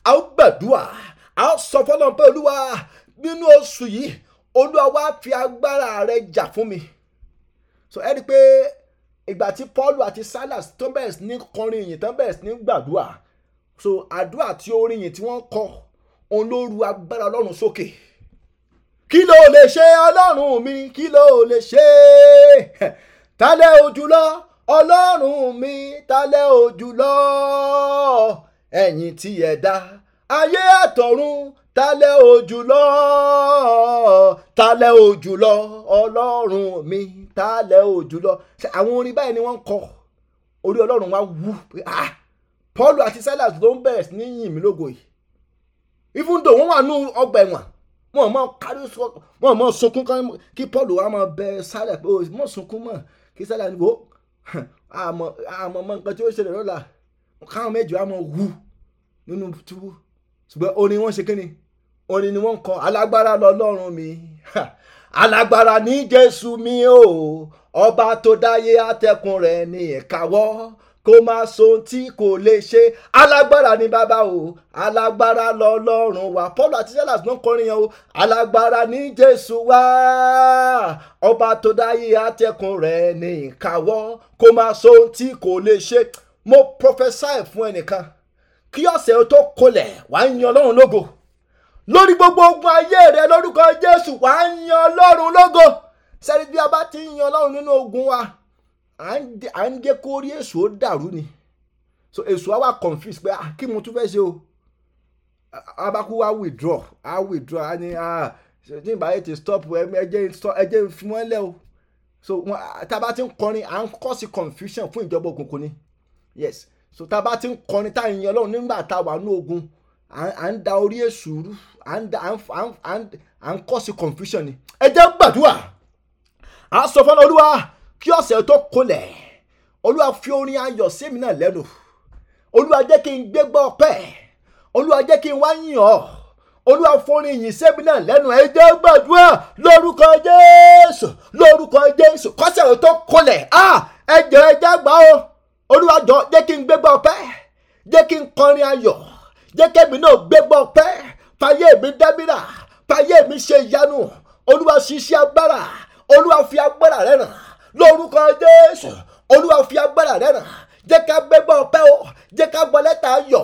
àwọn gbàdúrà a sọ fọlọ́n pé olúwa nínú oṣù yìí olúwa wá fi agbára rẹ jà fún mi so ẹ rí i pé ìgbà tí paul àti silas tó bẹ̀rẹ̀ sí ní kọrin ìyìn tó bẹ̀rẹ̀ sí ní gbàdúrà so àdúrà tí orin ìyìn tí wọ́n kọ òun ló ru agbára ọlọ́run sókè kí ló lè ṣe ọlọ́run mi kí ló lè ṣe tálẹ̀ ojúlọ ọlọ́run mi tálẹ̀ ojúlọ ẹ̀yìn tí ẹ dá ayé àtọ̀run talẹ̀ òjùlọ talẹ̀ òjùlọ ọlọ́run mi talẹ̀ òjùlọ àwọn orin báyìí ni wọ́n ń kọ orí ọlọ́run wa wú pé ah Paul àti Silas ló ń bẹ̀rẹ̀ sí ní yìn mí lógo yìí even though wọ́n wà ní ọgbà ẹ̀wọ̀n wọn mọ kárí wọn mọ sunkún kí Paul wa máa bẹ Silas pé mọ sunkún mọ kí Silas wo àmọ́ àmọ́ mọ nǹkan tí ó ṣẹlẹ̀ lọ́la káwọn méjì wa máa wú nínú túbú ṣùgbọ́n orin wọn ṣe kí ni orin ni wọ́n ń kọ alágbára lọ́lọ́run mi alágbára ní jésù mi o ọba tó dáyé àtẹkùn rẹ̀ ní ìkáwọ́ kó má sohun tí kò lè ṣe alágbára ní bàbá o alágbára lọ́lọ́run wa Paulo àti silas ló ń kọrin yẹn o alágbára ní jésù wá ọba tó dáyé àtẹkùn rẹ̀ ní ìkáwọ́ kó má sohun tí kò lè ṣe mo prophesy fún ẹnìkan kí ọ̀sẹ̀ tó kolẹ̀ wà á yan ọlọ́run lógo lórí gbogbo ogun ayé rẹ lórúkọ jésù wà á yan ọlọ́run lógo sẹ́ni bí a bá ti yan ọlọ́run nínú ogun wa à ń gé kórí èso dàrú ni so èso wa wà confuse pé kí mo tún fẹ́ ṣe o abaku wa withdraw a withdraw a ní ní ìbáyé ti stop ẹjẹ ìfimọ́lẹ̀ o so tá a bá ti ń kọrin à ń kọ́ sí confusion fún ìjọba òkùnkùn ni yes so tá a bá ti ń kọrin tá a yin ọlọ́run nígbà tá a wà ní ogun à ń da orí èṣù à ń kọ́ sí confusion ni ẹ jẹ́ gbàdúrà à ń sọ fún olúwa kí ọ̀sẹ̀ tó kolẹ̀ olúwa fi orin ayọ̀ sí mi náà lẹ́nu olúwa jẹ́ kí n gbégbá ọpẹ́ olúwa jẹ́ kí n wá yìn ọ́ olúwa fúnni yìí sẹ́mi náà lẹ́nu ẹ jẹ́ gbàdúrà lórúkọ jésù lórúkọ jésù kọ́sẹ̀ tó kolẹ̀ ẹ jẹ́ ẹ jẹ́ gbà ó olúwàjọ jẹ́ kí n gbégbá ọpẹ́ jẹ́ kí n kọrin ayọ̀ jẹ́ kẹ́mi náà gbégbá ọpẹ́ fàyè mi dẹ́mìrà fàyè mi ṣe ìyanu olúwa ṣiṣẹ́ agbára olúwa fi agbára rẹ̀ ràn lórúkọ jésù olúwa fi agbára rẹ̀ ràn jẹ́ ká gbégbá ọpẹ́ o jẹ́ ká gbọ́ lẹ́tà ayọ̀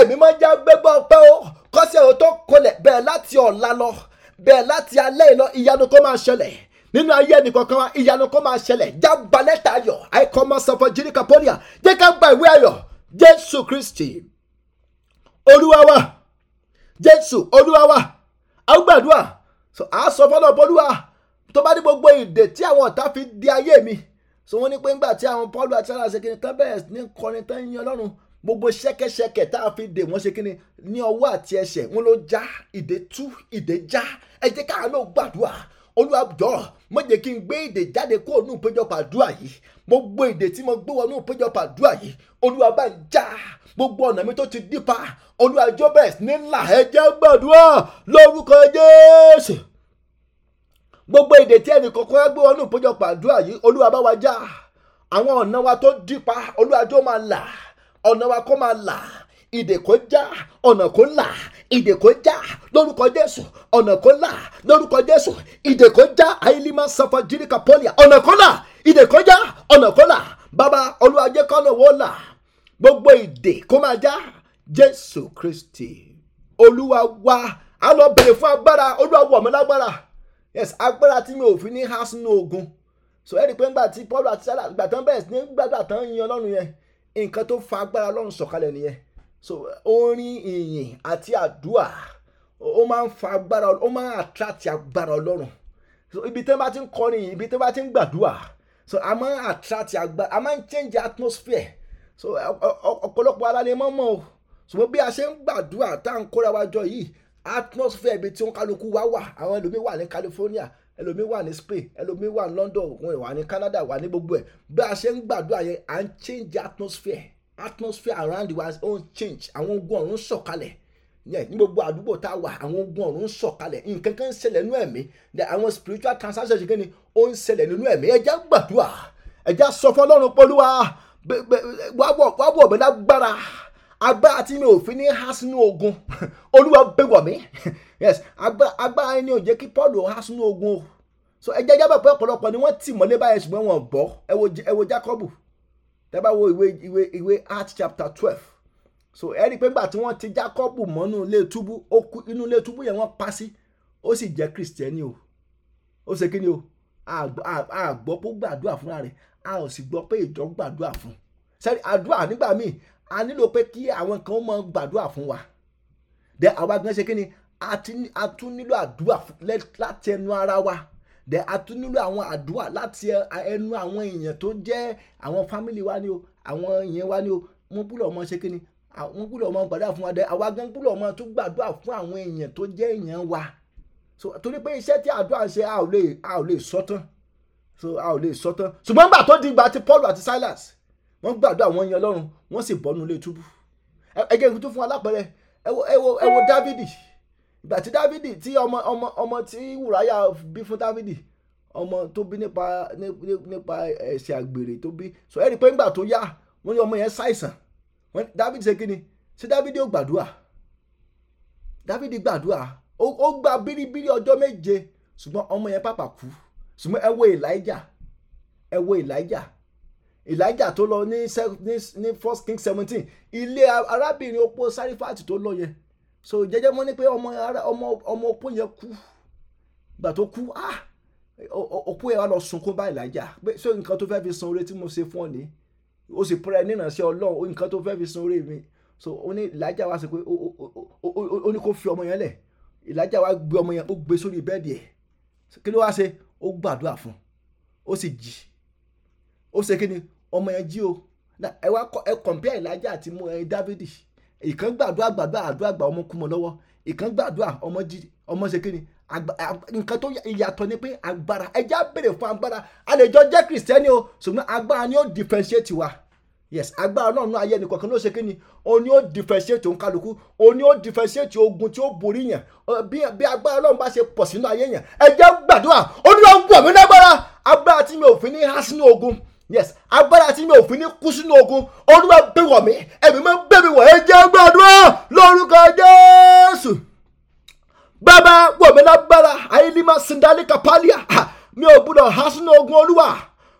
ẹ̀mí máa jẹ́ gbégbá ọpẹ́ o kọ́sẹ̀ ò tó kolẹ̀ bẹ́ẹ̀ láti ọ̀la lọ bẹ́ẹ̀ láti alẹ́ ìlọ ìyanu kó máa ṣẹlẹ̀ nínú ayé ẹnìkọ̀ọ̀kan wa ìyanu kó máa ṣẹlẹ̀ jágba lẹ́tà ayọ̀ àìkọ́mọ sọ̀fọ̀ jírí kàpọ́nìyà jẹ́ ká gba ìwé ayọ̀ jésù kristi olúwa wa jésù olúwa wa a gbàdúrà a sọ fọlọ bọlúwa tó bá ní gbogbo ìdè tí àwọn ọ̀tá fi di ayé mi so wọ́n ní pé ńgbà tí àwọn paul àti sara ṣe ni tán bẹ̀rẹ̀ ní kọrin tán yin ọlọ́run gbogbo ṣẹ́kẹ́ṣẹkẹ̀ tá a fi dè wọ́n ṣe kí ni ní ọwọ́ àti ẹsẹ̀ wọ́n ló já ìdè tú ìdè já ẹ jẹ́ káà gbàdúrà olùwàjọ́ má jẹ́ kí n gbé èdè jáde kó ònú péjọpọ̀ àdúrà yìí gbogbo èdè tí mo gbé wọnú péjọpọ̀ àdúrà yìí olúwa bá ń já gbogbo ọ̀nà mi tó ti dípa olùwàjọ́ bẹ̀rẹ̀ sí ní ńlá ẹ̀jẹ̀ gbàdúrà lórúkọ jésù gbogbo èdè tí ẹnì kọ̀ọ̀kan gbé wọnú péjọpọ̀ àdúrà yìí olúwa bá wa já àwọn ọ̀nà wa tó dípa olùwàjọ́ máa là ọ̀nà wa kó máa là ìdè kó já ọ̀nà kó là ìdè kó já lórúkọ jésù ọ̀nà kó là lórúkọ jésù ìdè kó já àìlímọ̀ sanfọ jíríkà pọ́lìà ọ̀nà kó là ìdè kó já ọ̀nà kó là bàbá olúwàjẹ́ kọ́nà wọ́n là gbogbo ìdè kó máa já jésù kristi olúwa wa a lọ bèrè fún agbára olúwa wọ̀ mí lágbára yes agbára tí mi ò fi ní há sínú ogun so ẹ rí i pé ńgbà tí paul àti sara gbàtàn bẹ́ẹ̀ ní gbàgbà tán yin ọlọ́run yẹn nǹkan tó fa agbára ọlọ́run sọ̀kalẹ̀ nìyẹn so orin ìyìn àti àdúà ó máa ń fa agbára ó máa ń attract agbára ọlọ́run so ibi tẹ́ bá ti ń kọrin ibi tẹ́ bá ti ń gbàdúà so a máa ń attract agbára a máa ń change atmosphere so ọ̀pọ̀lọpọ̀ alálẹ̀ mọ́mọ́ o ṣùgbọ́n bí a ṣe ń gbàdúrà tá à ń kóra wa jọ yìí atmosphere ibi tí oníkálukú wa wà àwọn ẹlòmíín wà ní California ẹlòmíín wà ní Spain ẹlòmíín wà ní London wọ́n wà ní Canada wà ní gbogbo ẹ̀ bí a ṣe ń gbàdúrà yẹn à ń change atmosphere atmosphere around the world ń change àwọn ogun ọ̀run sọ̀kalẹ̀ ní gbogbo àdúgbò tá a wà àwọn ogun ọ̀run sọ̀kalẹ̀ nǹkan kan ń ṣẹlẹ̀ nínú ẹ̀mí àwọn spiritual transactions ṣe kí ni ó ń ṣẹlẹ̀ nínú ẹ̀mí ẹja gbàdúrà ẹja sọ fún ọlọ́run pọ́lúwa wá wọ̀ mí lágbára agbára tí mi ò fi ní há sínú ogun olúwa bẹ̀wọ̀ mí yes agbára ni ò jẹ́ kí paul há sínú ogun o so ẹja jábọ̀ pé ọ̀pọ̀lọpọ̀ ni wọ́n tì mọ́lé báyìí ṣùgbọ́n wọn bọ́ ẹ wo Jacob tẹ́bá wo ìwé ìwé ìwé Acts chapter twelve so ẹ rí i pé gbà tí wọ́n ti Jákọ́bù mọ́nú ilé túbú inú ilé túbú yẹn wọ́n pa sí ó sì jẹ́ kìrìsìtẹ́nì o ó ṣe kí ni o a gbọ́ pé ó gbàdúrà fúnra rẹ̀ a ò sì gbọ́ pé ìjọ gbàdúrà fún sẹ́ni àdúrà nígbà míì a nílò pé kí àwọn kan máa gbàdúrà fún wa dẹ àwa gan ṣe kí ni a tún nílò àdúrà láti ẹnu ara wa dẹ̀ a tún nílò àwọn àdúrà láti ẹnu àwọn èèyàn tó jẹ́ àwọn fámìlì wa ni o àwọn èèyàn wa ni o wọ́n gbúdọ̀ mọ ṣe kíni wọ́n gbúdọ̀ mọ gbàdúrà fún wa dẹ̀ àwa gan gbúdọ̀ mọ tún gbàdúrà fún àwọn èèyàn tó jẹ́ èèyàn wa so torí pé iṣẹ́ tí àdúrà ń ṣe a ò lè a ò lè sọ so a ò lè sọ tán ṣùgbọ́n gbà tó di ìgbà tí Paul àti Silas wọ́n gbàdúrà wọ́n yan Ọlọ́run wọ́n sì bọ́nu lé túbú ẹ jẹ́ kí n ẹ wo ẹ wo ẹ wo Dávidi ìgbà tí dávidi tí ọmọ ọmọ ọmọ tí wùráyà bí fún dávidi ọmọ tó bí nípa nípa ẹ̀ṣẹ̀ àgbèrè tó bí sọ ẹ́ rí i pé ńgbà tó yá wọ́n ní ọmọ yẹn ṣàìsàn wọ́n dávidi ṣe kíni ṣé dávidi ó gbàdúrà dávidi gbàdúrà ó gba bíríbírí ọjọ́ méje ṣùgbọ́n ọmọ yẹn pàpà kú ṣùgbọ́n ẹ wo elijah ẹ wo elijah elijah tó lọ ní first king seventeen ilé arábìnrin opó sárífàtì tó lọ yẹn so jẹjẹ mọ ni pé ọmọ ara ọmọ ọmọ opó yẹn kú gbà tó kú ah opó yẹn wà lọ sunkún báyìí lájà pé so nǹkan tó fẹ́ fi san oore tí mo ṣe fún ọ ni ó sì pẹrẹ níránṣẹ́ o nǹkan tó fẹ́ fi san oore mi so o ní lájà wá sí pé o ní kó fi ọmọ yẹn lẹ̀ ìlàjà wa gbé ọmọ yẹn ó gbé sórí bẹ́ẹ̀dì ẹ̀ kí ló wá ṣe ó gbàdúrà fún ó sì jí ó ṣe kí ni ọmọ yẹn jí o ẹ wá ẹ kọ̀m̀pẹ́ ìlàjà àti mú ẹ Dáfídì ìkan gbàdúrà gbàdúrà àdúrà gbà ọmọ kú mọ lọ́wọ́ ìkan gbàdúrà ọmọ jí ọmọ ṣe kíni nǹkan tó yàtọ̀ ni pé agbára ẹja béèrè fún agbára a lè jọ jẹ́ kìrìsìtẹ́nì o ṣùgbọ́n agbára ni ó differentiate wa yes agbára náà nú ayé ẹnì kọ̀ọ̀kan ló ṣe kíni o ní ó differentiate òun kálukú o ní ó differentiate ogun tí ó borí yàn bí agbára Ọlọ́run bá ṣe pọ̀ sínú ayé yàn ẹja gbàdúrà ó ní yes agbára tí mi ò fi ní kú sínú ogun olúwa bẹ̀ wọ̀ mí ẹ̀mí máa ń bẹ̀ mí ẹ jẹ́ gbàdúrà lórúkọ jésù bàbá wọ̀ mí lágbára ayélujá sindali kapalia mi ò gbúdọ̀ há sínú ogun olúwa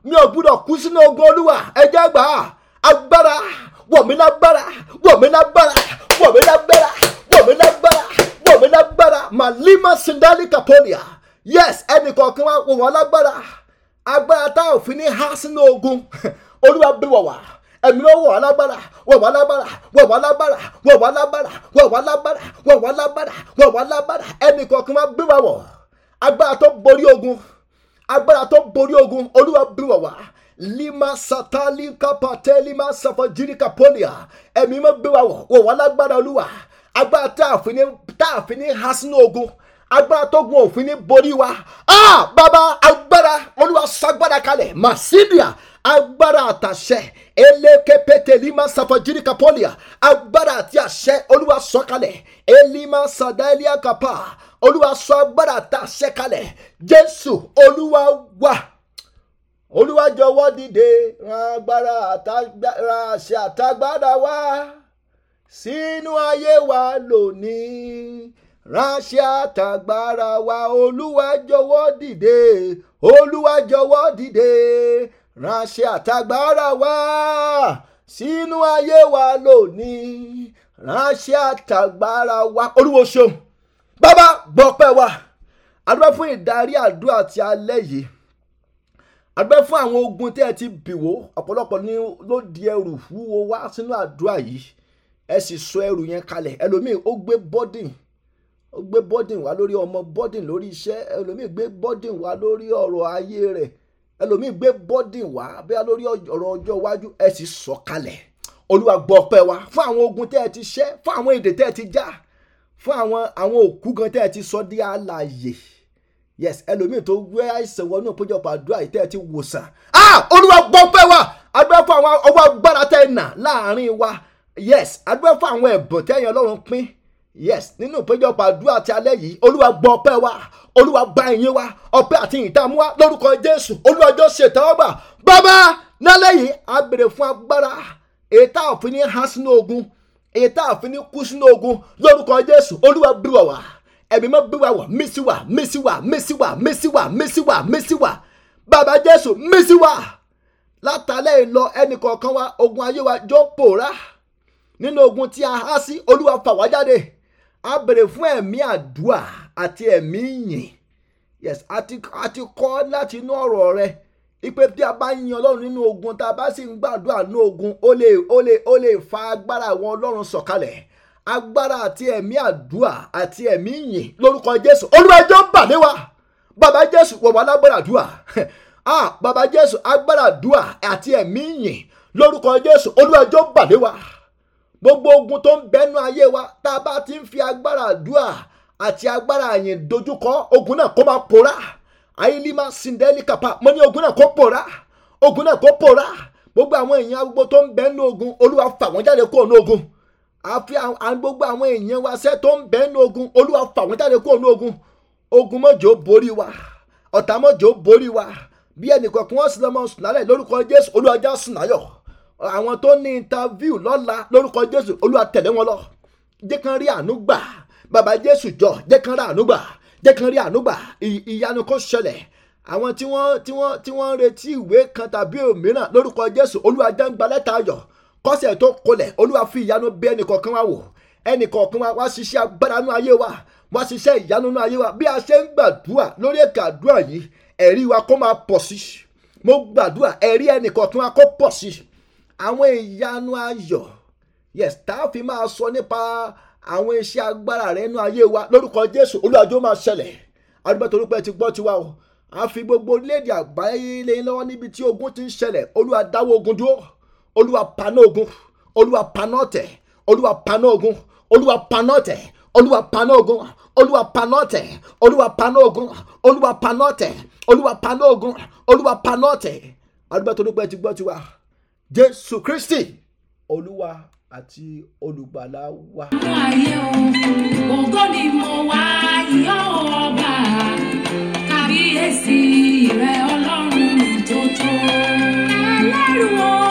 mi ò gbúdọ̀ kú sínú ogun olúwa ẹ jẹ́ gbà agbára wọ̀ mí lágbára wọ̀ mí lágbára wọ̀ mí lágbára wọ̀ mí lágbára wọ̀ mí lágbára màlímà sindali kapalia yes ẹnì kọ̀ọ̀kan wọ̀ wọ́n lágbára agbára tá ò fi ní há sínú ogun olúwa bí wà wá ẹ̀mí lọ́wọ́ alágbára wọ̀ wá lágbára wọ̀ wá lágbára wọ̀ wá lágbára wọ̀ wá lágbára wọ̀ wá lágbára wọ̀ wá lágbára ẹnì kọ̀ọ̀kan máa bí wà agbára tó borí ogun agbára tó borí ogun olúwa bí wà lima satali kapate lima safajiri kapolia ẹ̀mí máa bí wà wọ̀ wọ̀ wá lágbára olúwa agbára tá a ní ha sínú ogun agbára tó gun òfin ní borí wa ah bàbá agbára olúwa sagbára kalẹ̀ màsídìá agbára àtàṣẹ elekepete lima safajiri kapolia agbára àti àṣẹ olúwa sọ̀kalẹ̀ elima sadalia kapa olúwa sọ agbára àtàṣẹ kalẹ̀ jésù olúwa wà olúwa jọ̀wọ́ dìde ràn agbára àṣẹ àtàgbára wá sínú ayé wa lónìí ránṣẹ́ àtàgbára wa olúwa jọ̀wọ́ dìde olúwa jọ̀wọ́ dìde ránṣẹ́ àtàgbára wa sínú ayé wa lónìí ránṣẹ́ àtàgbára wa olúwo ṣeun bàbá gbọ́pẹ́ wa adúbẹ́ fún ìdarí àdúrà ti alẹ́ yìí adúbẹ́ fún àwọn ogun tẹ́ ẹ ti bìwó ọ̀pọ̀lọpọ̀ ni ló di ẹrù wúwo wá sínú àdúrà yìí ẹ sì sọ ẹrù yẹn kalẹ̀ ẹlòmíì ó gbé bọ́dìn gbé bọ́dìn wá lórí ọmọ bọ́dìn lórí iṣẹ́ ẹlòmíì gbé bọ́dìn wá lórí ọ̀rọ̀ ayé rẹ̀ ẹlòmíì gbé bọ́dìn wá bẹ́ẹ̀ lórí ọ̀rọ̀ ọjọ́ iwájú ẹ sì sọ̀kalẹ̀ olúwa gbọ́ ọpẹ́ wa fún àwọn ogun tẹ́ ẹ ti ṣẹ́ fún àwọn èdè tẹ́ ẹ ti já fún àwọn àwọn òkú gan tẹ́ ẹ ti sọ di alààyè yes ẹlòmíì tó gbé àìsàn wọnú ìpéjọpọ̀ àdúrà yìí tẹ́ ẹ ti wòsàn ah olúwa gbọ́ ọpẹ́ wa àdúrà fún àwọn ọwọ́ agbára tẹ́ ẹ nà láàrin wa yes àdúrà fún àwọn ẹ̀bùn tẹ́ ẹ̀yàn ọlọ́run pín yes nínú ìpéjọpọ̀ àdúrà ti alẹ́ yìí olúwa gbọ́ ọpẹ́ wa olúwa gba ìyìn wa ọpẹ́ àti ìdààmú wa lórúkọ jésù olúwa jọ ṣètọ́gbà bàbá lálẹ́ yìí a béèrè fún agbára èyí tá a fi ní há sínú ogun èyí tá ní kú sínú ogun lórúkọ jésù olúwa bí wa wá ẹ̀mí mọ́ bí wa wá mí sí wa mí sí wa mí sí wa mí sí wa mí sí wa mí wa bàbá jésù mí sí wa látàlẹ́ ìlọ ẹnì wa ogun ayé wa jọ pòórá nínú ogun tí a há sí olúwa fà wá jáde a bèrè fún ẹ̀mí àdúà àti ẹ̀mí yìn yes àti àti kọ́ láti inú ọ̀rọ̀ rẹ ipe tí a bá yin ọlọ́run nínú ogun tá a bá sì ń gbàdúrà nínú ogun ó lè ó lè ó lè fa agbára àwọn ọlọ́run sọ̀kalẹ̀ agbára àti ẹ̀mí àdúà àti ẹ̀mí yìn lórúkọ jésù olúwa bà lé wa bàbá jésù wọ̀ wá lágbára àdúà ah bàbá jésù agbára àdúà àti ẹ̀mí yìn lórúkọ jésù olúwa ẹjọ́ bà lé wa gbogbo ogun tó ń bẹnu ayé wa tá a bá ti ń fi agbára àdúrà àti agbára àyìn dojúkọ ogun náà kó máa pòórá àìlímà sindẹ́lì kàpá mo ní ogun náà kó pòórá ogun náà kó pòórá gbogbo àwọn èèyàn arúgbó tó ń bẹnu ogun olúwa fà wọ́n jáde kúrò ní ogun àfi gbogbo àwọn èèyàn wa sẹ́ tó ń bẹnu ogun olúwa fà wọ́n jáde kúrò ní ogun ogun mọ́jọ́ borí wa ọ̀tá mọ́jọ́ borí wa bí ẹnìkan kí wọ́n sì lọ́mọ sùn lálẹ́ lórúkọ jésù olúwa já sùn láyọ̀ àwọn tó ní interview lọ́la lórúkọ jésù olúwa tẹ̀lé wọn lọ jẹ́ kán rí àánú gbà bàbá jésù jọ jẹ́ kán rí àánú gbà jẹ́ kán rí àánú gbà ìyanu kó ṣẹlẹ̀ àwọn tí wọ́n tí wọ́n tí wọ́n ń retí ìwé kan tàbí òmíràn lórúkọ jésù olúwa jẹ́ ń gba lẹ́tà ayọ̀ kọ́sẹ̀ tó kolẹ̀ olúwa fi ìyanu bí ẹnìkọ̀ọ̀kan wa wò ẹnìkọ̀ọ̀kan wa wá ṣiṣẹ́ agbára nú ayé wa wá ṣiṣẹ́ ìyanu nú ayé wa bí a ṣe ń gbàdúrà lórí èkà àdúrà yìí ẹ̀rí wa kó máa pọ̀ sí mo gbàdúrà ẹ̀rí ẹnìkọ̀ọ̀kan wa kó pọ̀ sí àwọn ìyanu ayọ̀ yes tá a fi máa sọ nípa àwọn iṣẹ́ agbára rẹ̀ nínú ayé wa lórúkọ Jésù olùwàjò máa ṣẹlẹ̀ àdúgbò torí pé ti gbọ́ tiwa o a fi gbogbo léde àgbáyé lé lọ́wọ́ níbi tí ogun ti ń ṣẹlẹ̀ olúwa dáwọ́ ogun dúró olúwa paná ogun olúwa paná ọ̀tẹ̀ olúwa paná ogun olúwa paná ọ̀tẹ̀ olúwa paná ogun olúwa paná ọ̀tẹ̀ olúwa paná ogun olúwa paná ọ̀tẹ̀ olúwa paná ogun olúwa paná ọ̀tẹ̀ àdúgbò tó dúpẹ́ ti gbọ́ tiwa jésù kristi olúwa àti olùgbàlà wa. ayé o ọlọ́run tó tó. ẹlẹ́rù o.